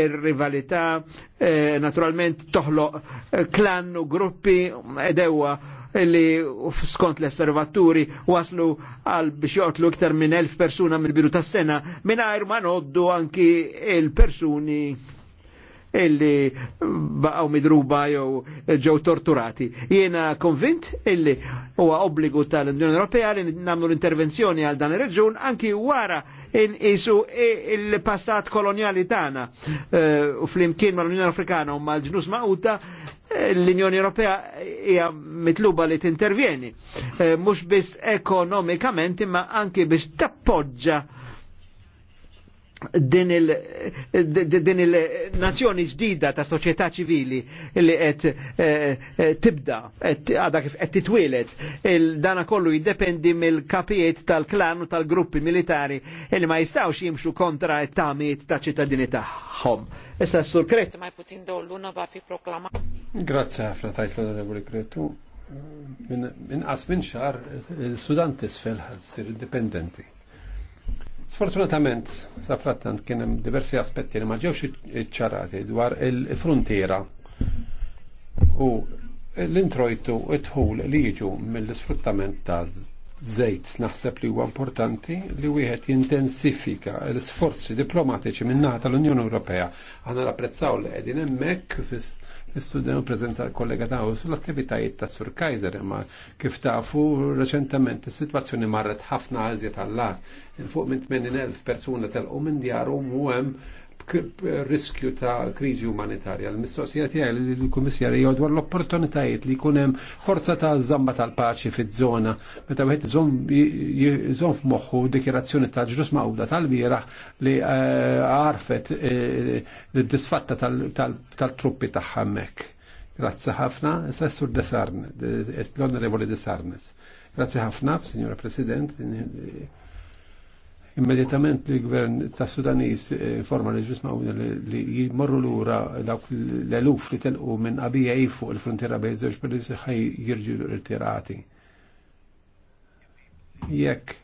Ir-rivalità eh, naturalment toħloq eh, klan u gruppi edewa li skont l-osservaturi waslu għal biex joqtlu iktar minn elf persuna mill-bidu tas-sena minn ma noddu anki il-persuni illi baqaw midruba jew ġew torturati. Jiena konvint illi huwa obbligu tal-Unjoni Ewropea li nagħmlu l-intervenzjoni għal dan ir-reġun anki wara in isu il-passat koloniali tagħna eh, u flimkien mal-Unjoni Afrikana u mal-ġnus Maquta eh, l-Unjoni Ewropea hija mitluba li tintervjeni eh, mhux biss ekonomikament imma anki biex tappoġġa din il-nazzjoni ġdida ta' soċjetà ċivili li qed eh, eh, tibda għadha kif qed titwielet dana kollu jiddependi mill-kapijiet tal-klan u tal-gruppi militari li ma jistgħux jimxu kontra t-tamiet ta' ċittadini tagħhom. Issa sur Kret. Ma jputin dawl luna va fi proklama. Grazzi ħafna tajt l-onorevoli Kretu. Minqas minn xar, il-Sudan eh, tisfel s-sir indipendenti Sfortunatament, safrattant kien hemm diversi aspetti li ma ġewx ċarati dwar il-frontiera u l-introjtu it ħul li jiġu mill-sfruttament ta' Zejt, naħseb li huwa importanti li wieħed jintensifika l-sforzi diplomatiċi minnaħa tal-Unjoni Ewropea. Aħna napprezzaw li qegħdin hemmhekk istudenu prezenza l-kollega ta' l attivitajiet ta' Sur Kaiser imma kif tafu reċentament is-sitwazzjoni marret ħafna għazja tal-lar. Fuq minn 80,000 persuna telqu minn djarhom u hemm riskju ta' kriżi umanitarja. L-mistoqsija tiegħi li l-Kummissarju dwar l-opportunitajiet li jkun hemm forza ta' żamba tal-paċi fiż-żona meta wieħed żomm f'moħħu dikjerazzjoni ta' ġrus mawda tal-bieraħ li eh, għarfet l-disfatta eh, tal-truppi ta' hemmhekk. Grazzi ħafna, Sessur Desarnes, l-Onorevoli Desarnes. Grazzi ħafna, Signora President, Immedjatament li gvern ta' Sudanis eh, forma li ġusmaw li jimorru l-ura dawk l-eluf li telqu minn qabija fuq il-frontiera bej żewġ pajjiżi ħaj jirġu ritirati. Jekk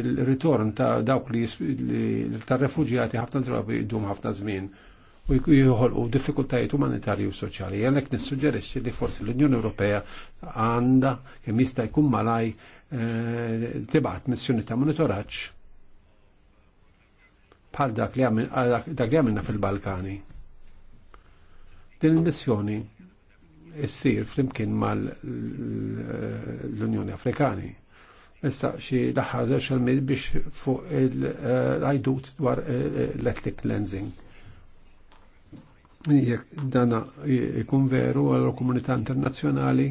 il-ritorn ta' dawk li ta' refugjati ħafna drabi jdum ħafna żmien u jħolqu diffikultajiet umanitarji u soċjali. Għalhekk nissuġġerixxi li forsi l-Unjoni Ewropea għandha kemm jista' jkun malaj tibat missjoni ta' monitoraġġ bħal dak li għamilna fil-Balkani. Din il-missjoni jessir flimkien mal-Unjoni Afrikani. Issa xi daħħar social biex fuq l-ajdut dwar eh, l-ethnic cleansing. Jek dana jkun veru għal komunità internazzjonali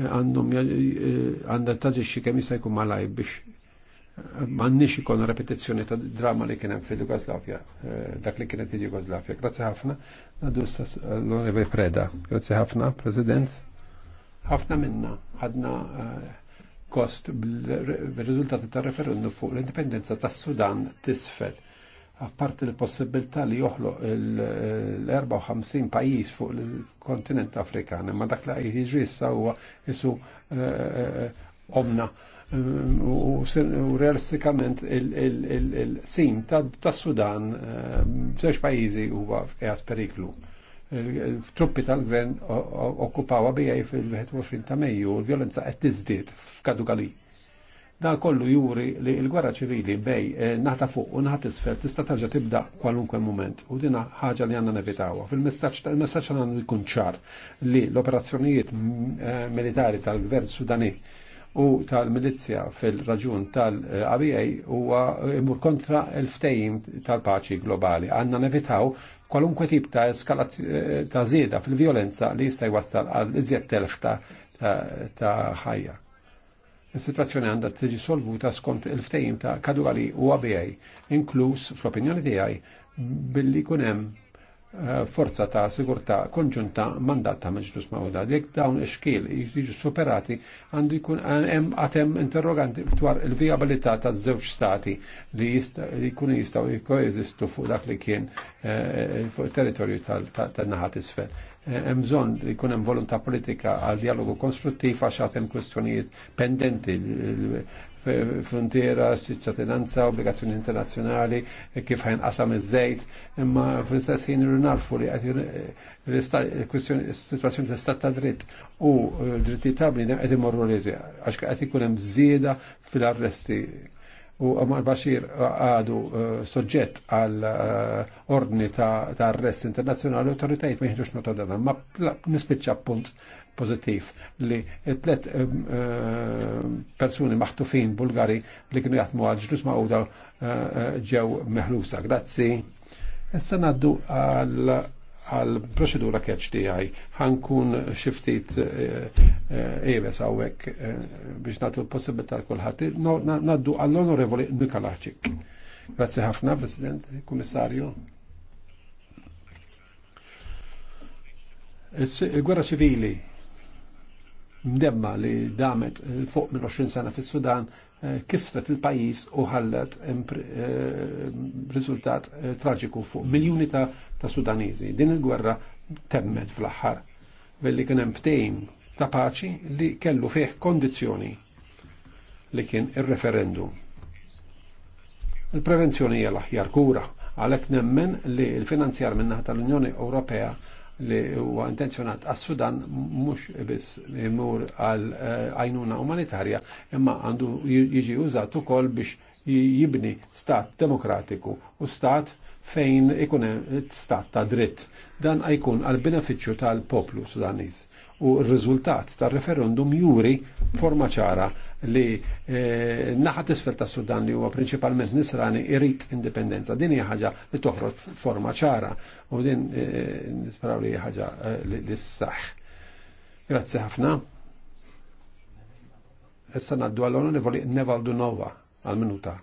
għandhom għandha taġixxi kemm jista' jkun malaj biex m'għandniex ikun repetizzjoni ta' drama li kien hemm fil-Jugoslavja, dak li kienet il-Jugoslavja. Grazzi ħafna, għadu l-Onorevoli Preda. Grazzi ħafna, President. Ħafna minna ħadna kost bil-riżultati tar referendum fuq l-indipendenza tas-Sudan tisfel apparti l-possibilità li joħloq l-54 pajis fuq il-kontinent Afrikan, imma dak li jħiġrissa issa huwa isu eh, eh, omna u realistikament il-sim ta' Sudan b'żewġ eh, pajjiżi huwa għas periklu. Truppi tal-gvern okkupawa bijaj fil-21 ta' Mejju u l-violenza qed tiżdied f'Kadugali. Da kollu juri li l-gwerra ċivili bej eh, naħta fuq u naħta isfel tista' taġa tibda kwalunkwe moment u dina ħaġa li għandna nevitawha. Fil-messaġġ tal messaġġ għandu jkun ċar li l-operazzjonijiet eh, militari tal-gvern Sudani u tal-milizja fil-raġun tal-ABA huwa imur kontra il ftejim tal-paċi globali. Għanna nevitaw kwalunkwe tip ta' eskalazzjoni eh, ta' zieda fil-violenza li jista' jwassal għal iżjed telf ta' ħajja. Is-sitwazzjoni għandha tiġi solvuta skont il-ftejim ta' kadwali u għabijaj, inkluż fl-opinjoni tiegħi billi kun hemm eh, forza ta' sigurtà konġunta mandat ta' Meġlus Mawda. Dik dawn ix-xkiel jiġu superati għandu jkun eh, hemm għatem interroganti dwar il-vijabilità ta' żewġ stati li jkunu jistgħu jkoeżistu fuq dak li kien eh, fuq territorju tan-naħat isfel. Eh, hemm bżonn li jkun hemm volontà politika għal dialogu konstruttiv għax għatem kwestjonijiet pendenti eh, frontiera, ċittadinanza, obbligazzjoni internazzjonali, eh, kif ħajn qasam iż-żejt, imma fl-istess ħin narfu li situazzjoni tal-istat ta' dritt u dritti tabli qed imorru li għax qed ikun hemm fil-arresti u Omar Bashir għadu eh, soġġett għal eh, ordni ta' arrest internazzjonali autoritajiet ma jħinġux nota dan, ma nispiċċa punt pozittiv li tlet eh, persuni maħtufin Bulgari li kienu jaħdmu għal ġdus ma' ġew meħlusa. Grazzi. Issa naddu għal għal proċedura catch DI ħankun xiftit eves eh, eh, għawek eh, biex natu l-possibilità l-kolħat. Naddu għall-onorevoli Nikolaċik. Grazie ħafna, President, Komissarju. Il-gwerra ċivili mdemma li damet fuq minn 20 sena fis-Sudan Eh, kisret il-pajis u ħallet eh, eh, riżultat traġiku fuq miljuni ta', ta Sudanizi. Din il-gwerra temmet fl-aħħar billi kien hemm ftehim ta' paċi li kellu fih kondizzjoni li kien ir-referendum. Il-prevenzjoni hija l-aħjar kura għalhekk nemmen li l-finanzjar minnaħa tal-Unjoni Ewropea li huwa intenzjonat għas-Sudan mhux biss imur għal eh, għajnuna umanitarja imma għandu jiġi użat ukoll biex jibni stat demokratiku u stat fejn ikun stat ta' dritt. Dan għajkun għal benefiċċju tal-poplu Sudaniż u r-riżultat tar-referendum juri forma ċara li eh, naħat isfer ta' Sudan li huwa prinċipalment nisrani irrit indipendenza. Din hija ħaġa li toħroġ forma ċara u din eh, nisperaw li ħaġa eh, li s-saħ. Grazzi ħafna. Issa naddu għal għonu Nevaldu Nova għal-minuta.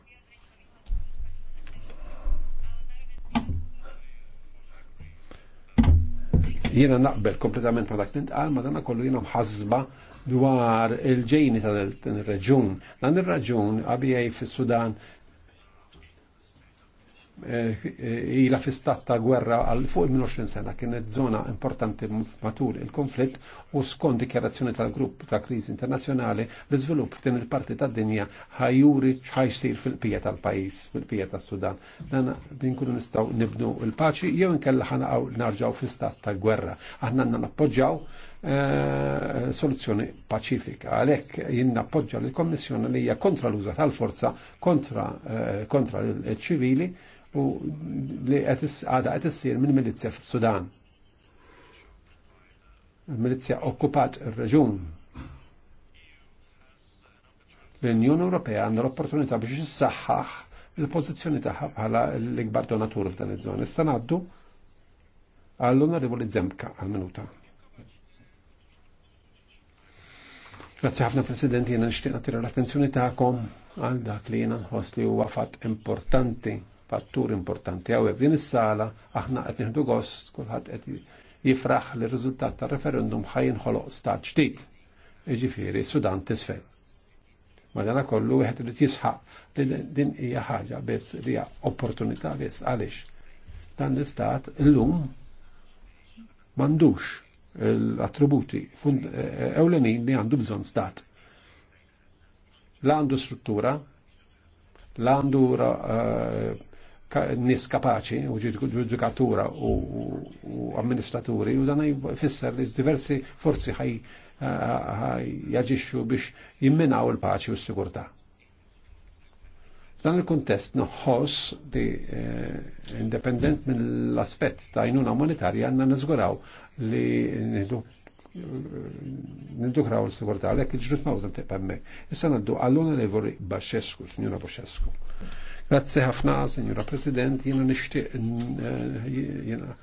Jiena naqbel kompletament ma dak tintqal, ma dana kollu jiena mħazba dwar il-ġejni ta' tal-reġun. Dan il-reġun għabijaj fil sudan Eh, ila fi stat ta' gwerra għal fuq minn 20 sena kienet zona importanti matul il-konflitt u skont dikjarazzjoni tal-grupp ta' kriżi internazzjonali l-iżvilupp f'din il-parti tad dinja ħajuri x'ħajsir fil-pija tal-pajjiż, fil-pija tas-Sudan. din binkunu nistgħu nibnu l-paċi jew inkella għaw narġaw fi stat ta' gwerra. Aħna għandna nappoġġaw Eh, soluzzjoni paċifika. Għalhekk jien nappoġġa lill kommissjoni li hija kontra l-uża tal-forza kontra eh, kontra l-ċivili u li għada qed issir minn milizja fis-Sudan. Milizja okkupat il reġun l-Unjoni Ewropea għandha l-opportunità biex issaħħaħ il-pożizzjoni tagħha bħala l-ikbar donatur f'dan iż-żona. Issa ngħaddu għall-Onorevoli Zemka għal-minuta. Grazie ħafna President, jena nishtiq nattira l-attenzjoni ta'kom għal dak li jena nħoss li huwa fatt importanti, fattur importanti għawek din is-sala aħna qed nieħdu gost kulħadd qed jifraħ li r-riżultat tar-referendum ħajinħoloq stat ġdid. Ġifieri Sudan tisfel. Madana kollu wieħed irid jisħaq li din hija ħaġa biss li hija opportunità biss għaliex. Dan l-istat illum m'għandux l-attributi eh, ewlenin li għandu bżon stat. La għandu struttura, la għandu eh, nis kapaċi u ġudikatura u amministraturi u dan jfisser li diversi forzi ħaj eh, jaġixxu biex jimminaw il-paċi u s-sigurta. F'dan il-kuntest noħoss li eh, minn l aspett ta' jnuna monetarja għanna nizguraw li nidu eh, nindukraw l sigurta għalek il-ġrut mawdem tibqa' hemmhekk. Issa ngħaddu għalluna Levori Baxxesku, Sinjura Baxxesku. Grazzi ħafna, Sinjura President, jiena nixtieq eh, jiena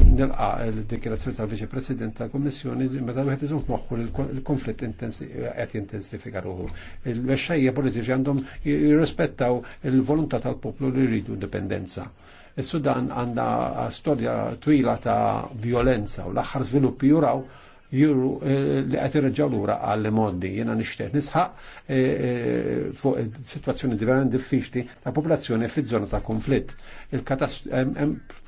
nilqa il-dikjerazzjoni tal-Viċi President tal-Kommissjoni meta wieħed iżum f'moħħu il-konflitt qed jintensifika ruħu. Il-mexxejja politiċi għandhom jirrispettaw il-volontà tal-poplu li jridu indipendenza. Is-Sudan għandha storja twila ta' violenza u l-aħħar żviluppi juraw juru eh, li għat irreġalura għall-modi. Jena nishtiq nisħaq eh, eh, fuq situazzjoni verament diffiċli ta' popolazzjoni fi zona ta' konflitt.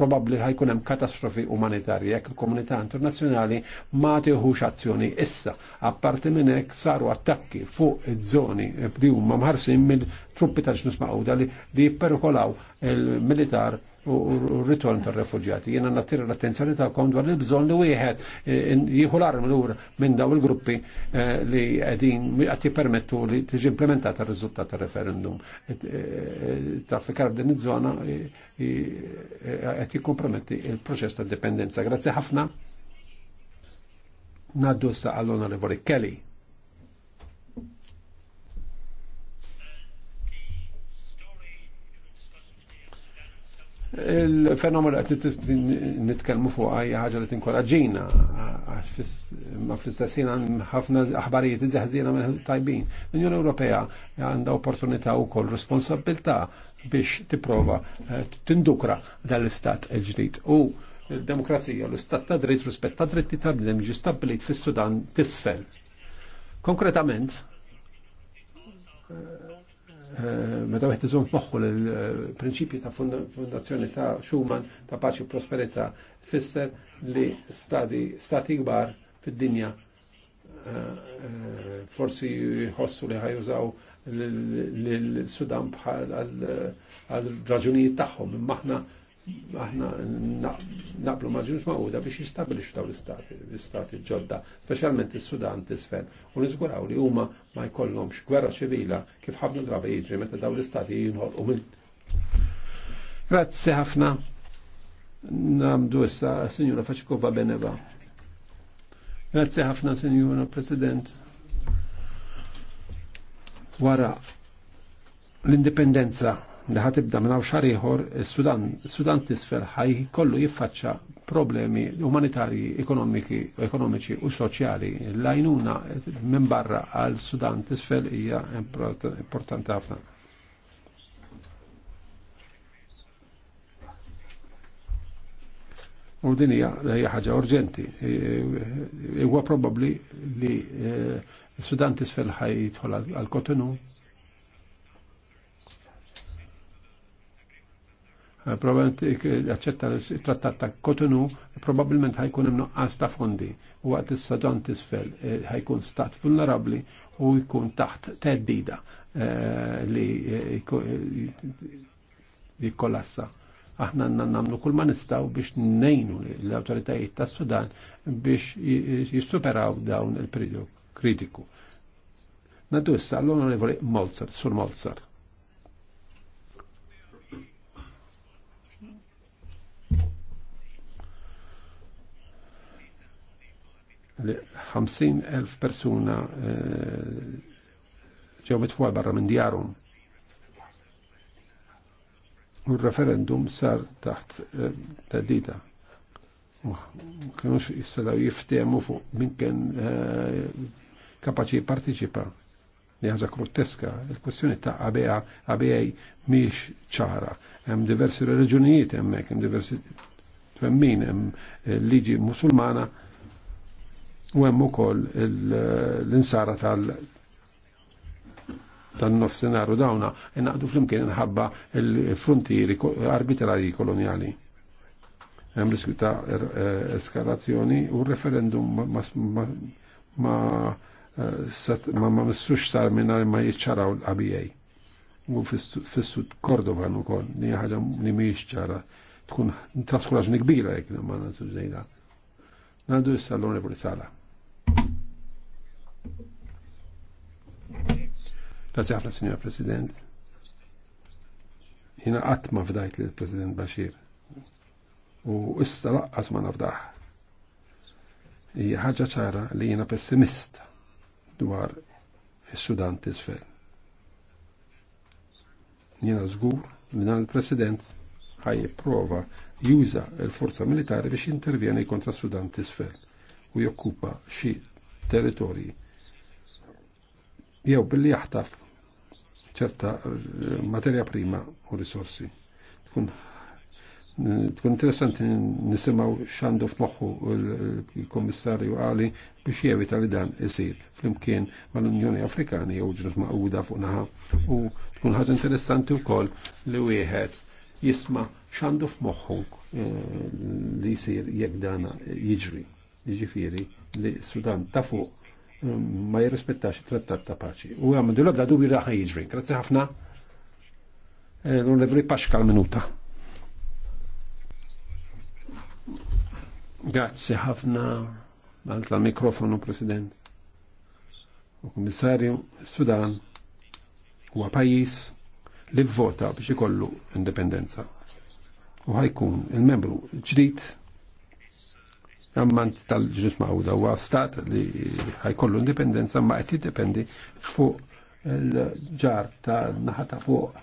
Probabli ħajkun hemm katastrofi umanitarji jekk il-komunità internazzjonali ma tieħux azzjoni issa. Apparti minn hekk saru attakki fuq iż-żoni li huma mħarsin mill-truppi ta' ġnus maqgħuda li jipperikolaw il-militar u r-ritorn tar-refuġjati. Jiena nattira l-attenzjoni ta' kom dwar il-bżonn li wieħed eh, jieħu l-arm lura minn daw il-gruppi eh, li qegħdin qed jippermettu li tiġi implementata r-riżultat tar-referendum. Eh, ta' fikar din iż-żona qed jikkomprometti il-proċess tad-dipendenza. Grazzi ħafna. Naddu sa għall-onorevoli Kelly. Il-fenomenu qed nitkelmu fuq hija ħagġa li tinkoraġġina għax ma fl istessina ħin ħafna aħbarijiet iżeħżina minn tajbin. L-Unjoni Ewropea għandha opportunità u wkoll responsabilta biex tipprova eh, tindukra dal-istat il-ġdid. U il demokrazija l-istat ta' dritt rispett ta' dritti ta' bnedem ġi stabbilit fis-Sudan tisfel. Konkretament, meta wieħed iżomm moħħu l-prinċipji ta' fondazzjoni ta' Schumann ta' paċi u prosperità tfisser li stati stati kbar fid-dinja forsi jħossu li ħajużaw l-Sudan bħal għal raġunijiet tagħhom imma aħna aħna naqblu maġġun maquda biex jistabilix daw l-istati, l-istati ġodda, specialment il-Sudan t-isfen, u nizguraw li huma ma jkollhomx gwerra ċivila kif ħafna drabi jiġri meta daw l-istati jinħolqu minn. Grazzi ħafna. Namdu issa Sinjura Faċikova Beneva. Grazzi ħafna Signora President. Wara l-indipendenza li ħatibda minn hawn xahar il sudan il sudan tisfel ħaj kollu jiffaċċa problemi umanitarji, ekonomiki, ekonomiċi u soċjali. L-għajnuna minn barra għal Sudan tisfel hija importanti ħafna. U din hija ħaġa urġenti. E, e, huwa probabbli li il e, Sudan tisfel ħaj jidħol għal Kotonu Eh, probabilment jaċċetta eh, l-trattat ta' Kotonu, probabilment ħajkun hemm noqqas ta' fondi u għat is-saġan tisfel eh, ħajkun stat vulnerabli u jkun taħt teddida li jikollassa. Aħna namlu kull ma nistaw biex nejnu l-autoritajiet ta' Sudan biex jistuperaw dawn il-periodu kritiku. Nadu issa l-onorevoli Molzer, sur Molzer. 50.000 persuna eh, ġew mitfuqa barra minn djarhom. U referendum sar taħt eh, tedita. Kienux jistadaw jiftemu fuq minn kien eh, kapaċi jipparteċipa li ħaġa groteska. Il-kwestjoni ta' ABA, ABA miex ċara. Hemm diversi reġunijiet hemmhekk, hemm diversi twemmin, hemm liġi musulmana u hemm ukoll l-insara tal- dan nofsinhar u dawna innaqdu flimkien inħabba l-frontieri arbitrarji koloniali. Hemm risku ta' er- eh, eskalazzjoni u referendum ma' eh, ma ma missux sar minnar ma jiċċaraw l-ABA. U fissut Kordovan u kol, li ħagġa li mi jiċċara, tkun traskuraġni kbira jek ma nasu zejda. Nandu jissa l-onorevoli sala. Grazie ħafna, Signor Presidente. Jina għatma fdajt li l-President Bashir. U issa laqqas ma nafdaħ. Hija ħaġa ċara li jina pessimist dwar il sudan tisfel. Jina zgur li dan il-President ħaj prova juża il forza militari biex intervjeni kontra Sudan tisfel u jokkupa xi territorji jew billi jaħtaf ċerta eh, materja prima u risorsi. Tkun tkun interessanti nisimaw xandu f'moħħu il-Kommissarju għali biex jevita li dan isir flimkien l unjoni Afrikani jew ġnus maquda fuq naħa u tkun ħaġa interessanti wkoll li wieħed jisma xandu f'moħħu eh, li jisir jekk dana jiġri. Jiġifieri li Sudan ta' fuq ma jirrispettax it-trattat ta' paċi. U għamendu l-abda dubi raħa jizri. Grazie ħafna. Eh, L-Onrevri Paxkal minuta. Grazie ħafna. Għalt l-mikrofonu, President. U Komissarju, Sudan huwa pajis li vvota biex ikollu indipendenza. U ħajkun il-membru ġdid ammant tal-ġnus mawda u stat li ħajkollu indipendenza ma qed jiddependi fuq l ġar ta' naħata fuq.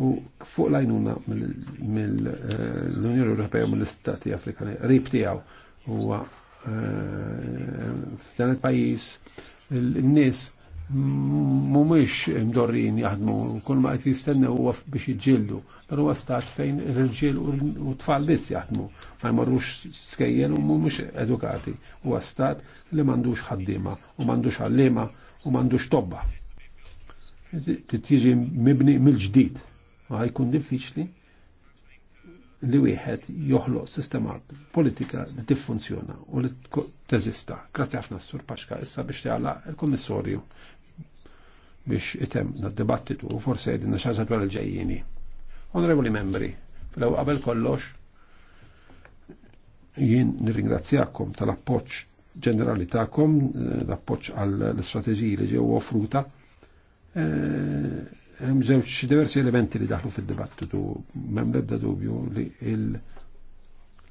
U fuq lajnuna mill-Unjoni Ewropea u mill-Istati Afrikani, rib tiegħu huwa eh, f'dan il-pajjiż il-nies mumiex mdorrin jaħdmu, kull ma qed jistennew huwa biex jġildu, Però huwa stat fejn ir ġil u tfal biss jaħdmu, ma jmorrux skejjel u mumiex edukati. u għastat li mandux ħaddima, u mandux ħalliema u mandux tobba. Tiġi mibni mil ġdid Ma jkun diffiċli li wieħed joħloq sistema politika li tiffunzjona u li teżista. Grazzi ħafna Sur Paċka, issa biex tagħlaq il-Kommissorju biex item d-dibattitu u forse jedin xaġa dwar il-ġejjini. Onorevoli membri, fil-għu għabel kollox, jien nirringrazzjakom tal-appoċ ġenerali ta'kom, eh, l-appoċ għall strategiji li ġew offruta. Eh, hemm żewġ diversi elementi li daħlu fil dibattitu membri b'da dubju li il-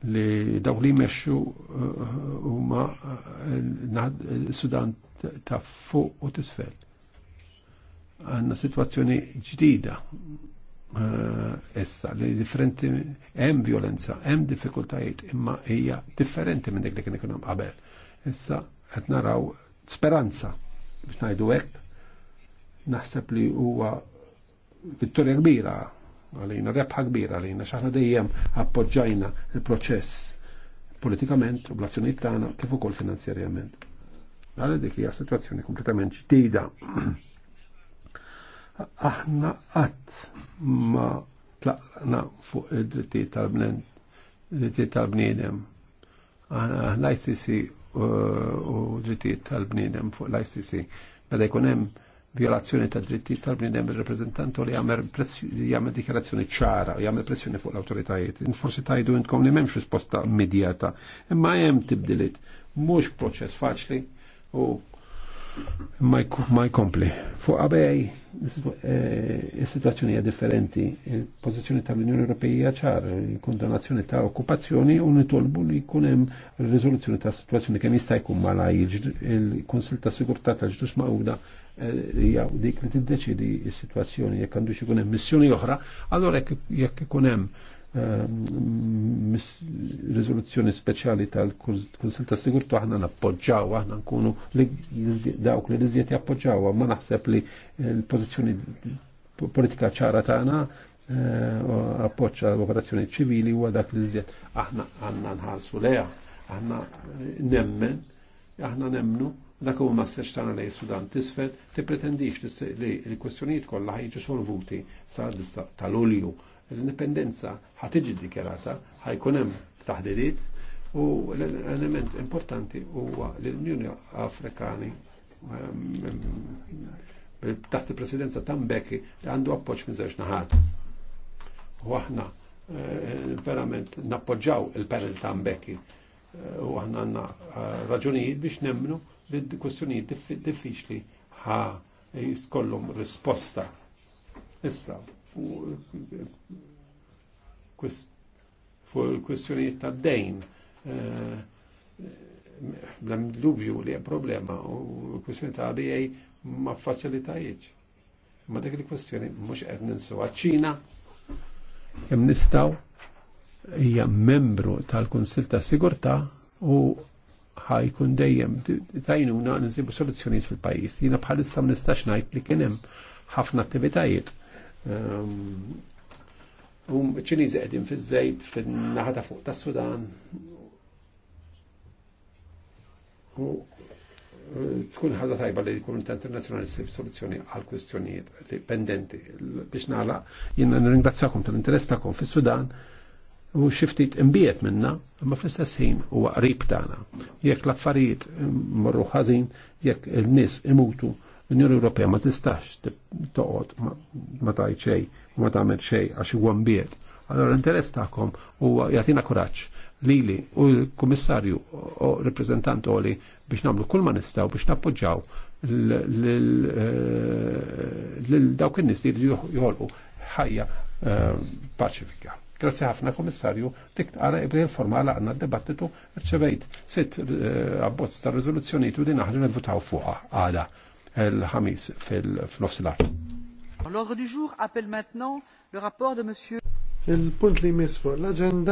li daw li meċu uh, huma uh, Sudan ta' fuq u tisfel. Għanna situazzjoni ġdida essa uh, li differenti hemm violenza, hemm diffikultajiet imma hija differenti minn dik li kien ikun qabel. Issa qed naraw speranza biex ngħidu hekk naħseb li huwa vittoria kbira għalina rebħa kbira għalina xaħna dejjem appoġġajna il-proċess politikament u blazzjoniet tagħna kif ukoll finanzjarjament. Għalli dik hija situazzjoni kompletament ġdida. Aħna qatt ma tlaqna fuq id-drittijiet tal-bnedem. dritti tal bnen id-dritti tal L-ICC uh, u d-dritti tal-bniedem fuq l-ICC. Bada jkun hemm violazzjoni ta' dritti tal bnidem il-reprezentantu li jagħmel dikjarazzjoni ċara u jagħmel pressjoni fuq l-awtoritajiet. Forsi tajdu intkom li m'hemmx risposta immedjata, imma hemm tibdilit. Mhux proċess faċli u ma jkompli. Fuq qabej eh, is-sitwazzjoni hija differenti. Il-pożizzjoni tal-Unjoni Ewropea ċar, il-kondannazzjoni ta' okkupazzjoni u nitolbu li jkun hemm riżoluzzjoni ta' sitwazzjoni kemm jista' jkun malajr il-Kunsil ta' Sigurtà tal-Ġdus Mawda hija eh, dik li tiddeċidi s-sitwazzjoni jekk għandux ikun hemm missjoni oħra, allora jekk ikun hemm ehm, rizoluzzjoni speċjali tal-Kunsil ta' Sigurtu aħna nappoġġaw, aħna nkunu dawk li liżiet jappoġġaw, ma naħseb li l-pożizzjoni politika ċara tagħna eh, appoġġa l-operazzjoni ċivili huwa dak li liżiet aħna għandna nħarsu leha, aħna nemmen, aħna nemmnu dak huwa masseġġ tagħna lej Sudan tisfel tippretendix li l-kwestjonijiet kollha ħajġu solvuti sa tal olju L-indipendenza tiġi dikjarata, ħajkun hemm taħdidiet u l-element importanti huwa li l-Unjoni Afrikani ehm, ehm, taħt il-presidenza li għandu appoġġ minn żewġ naħat. U aħna eh, verament nappoġġaw il-panel Mbeki, eh, u aħna għandna eh, raġunijiet biex nemmnu l kwestjonijiet diffiċli ħa jiskollhom risposta. Issa, fuq l kwestjonijiet ta' dejn, eh, blem dubju li hemm problema u l kwestjoni ta' ABA ma' faċilitajiet. Ma' dik l kwestjoni mux għed ninsu ċina jem nistaw, hija membru tal konsil ta' Sigurta u ħajkun dejjem tajnuna nsibu soluzzjonijiet fil-pajjiż. Jiena bħalissa m'nistax nistax ngħid li kien hemm ħafna attivitajiet. Ehm, um ċiniżi qegħdin fiż-żejt fin-naħa ta' fuq tas-Sudan. U eh, Tkun ħaġa tajba li jkun ta' internazzjonali soluzzjoni għal kwistjonijiet pendenti biex nagħlaq jiena nirringrazzjakom tal-interess tagħkom fis-Sudan u xiftit imbiet minna, ma fl-istess ħin u qrib tagħna. Jekk l-affarijiet morru ħażin, jekk il-nies imutu, l-Unjoni Ewropea ma tistax toqgħod ma taj ċej, u ma tagħmel ċej, għax huwa mbiet. Allora interess tagħkom huwa jagħtina kuraġġ lili u l-Kummissarju u rappreżentant li biex nagħmlu kull ma nistaw biex nappoġġaw eh, l dawk in nis li ħajja eh, paċifika. Grazie ħafna komissarju, dik għara ibri informala għanna d-debattitu rċevejt sitt eh, abbozz ta' rizoluzzjoniet tu din aħna nivutaw fuqa għada l-ħamis fil-nofs l-art. L'ordre du jour appelle maintenant le rapport de monsieur. Il-punt li misfu l-agenda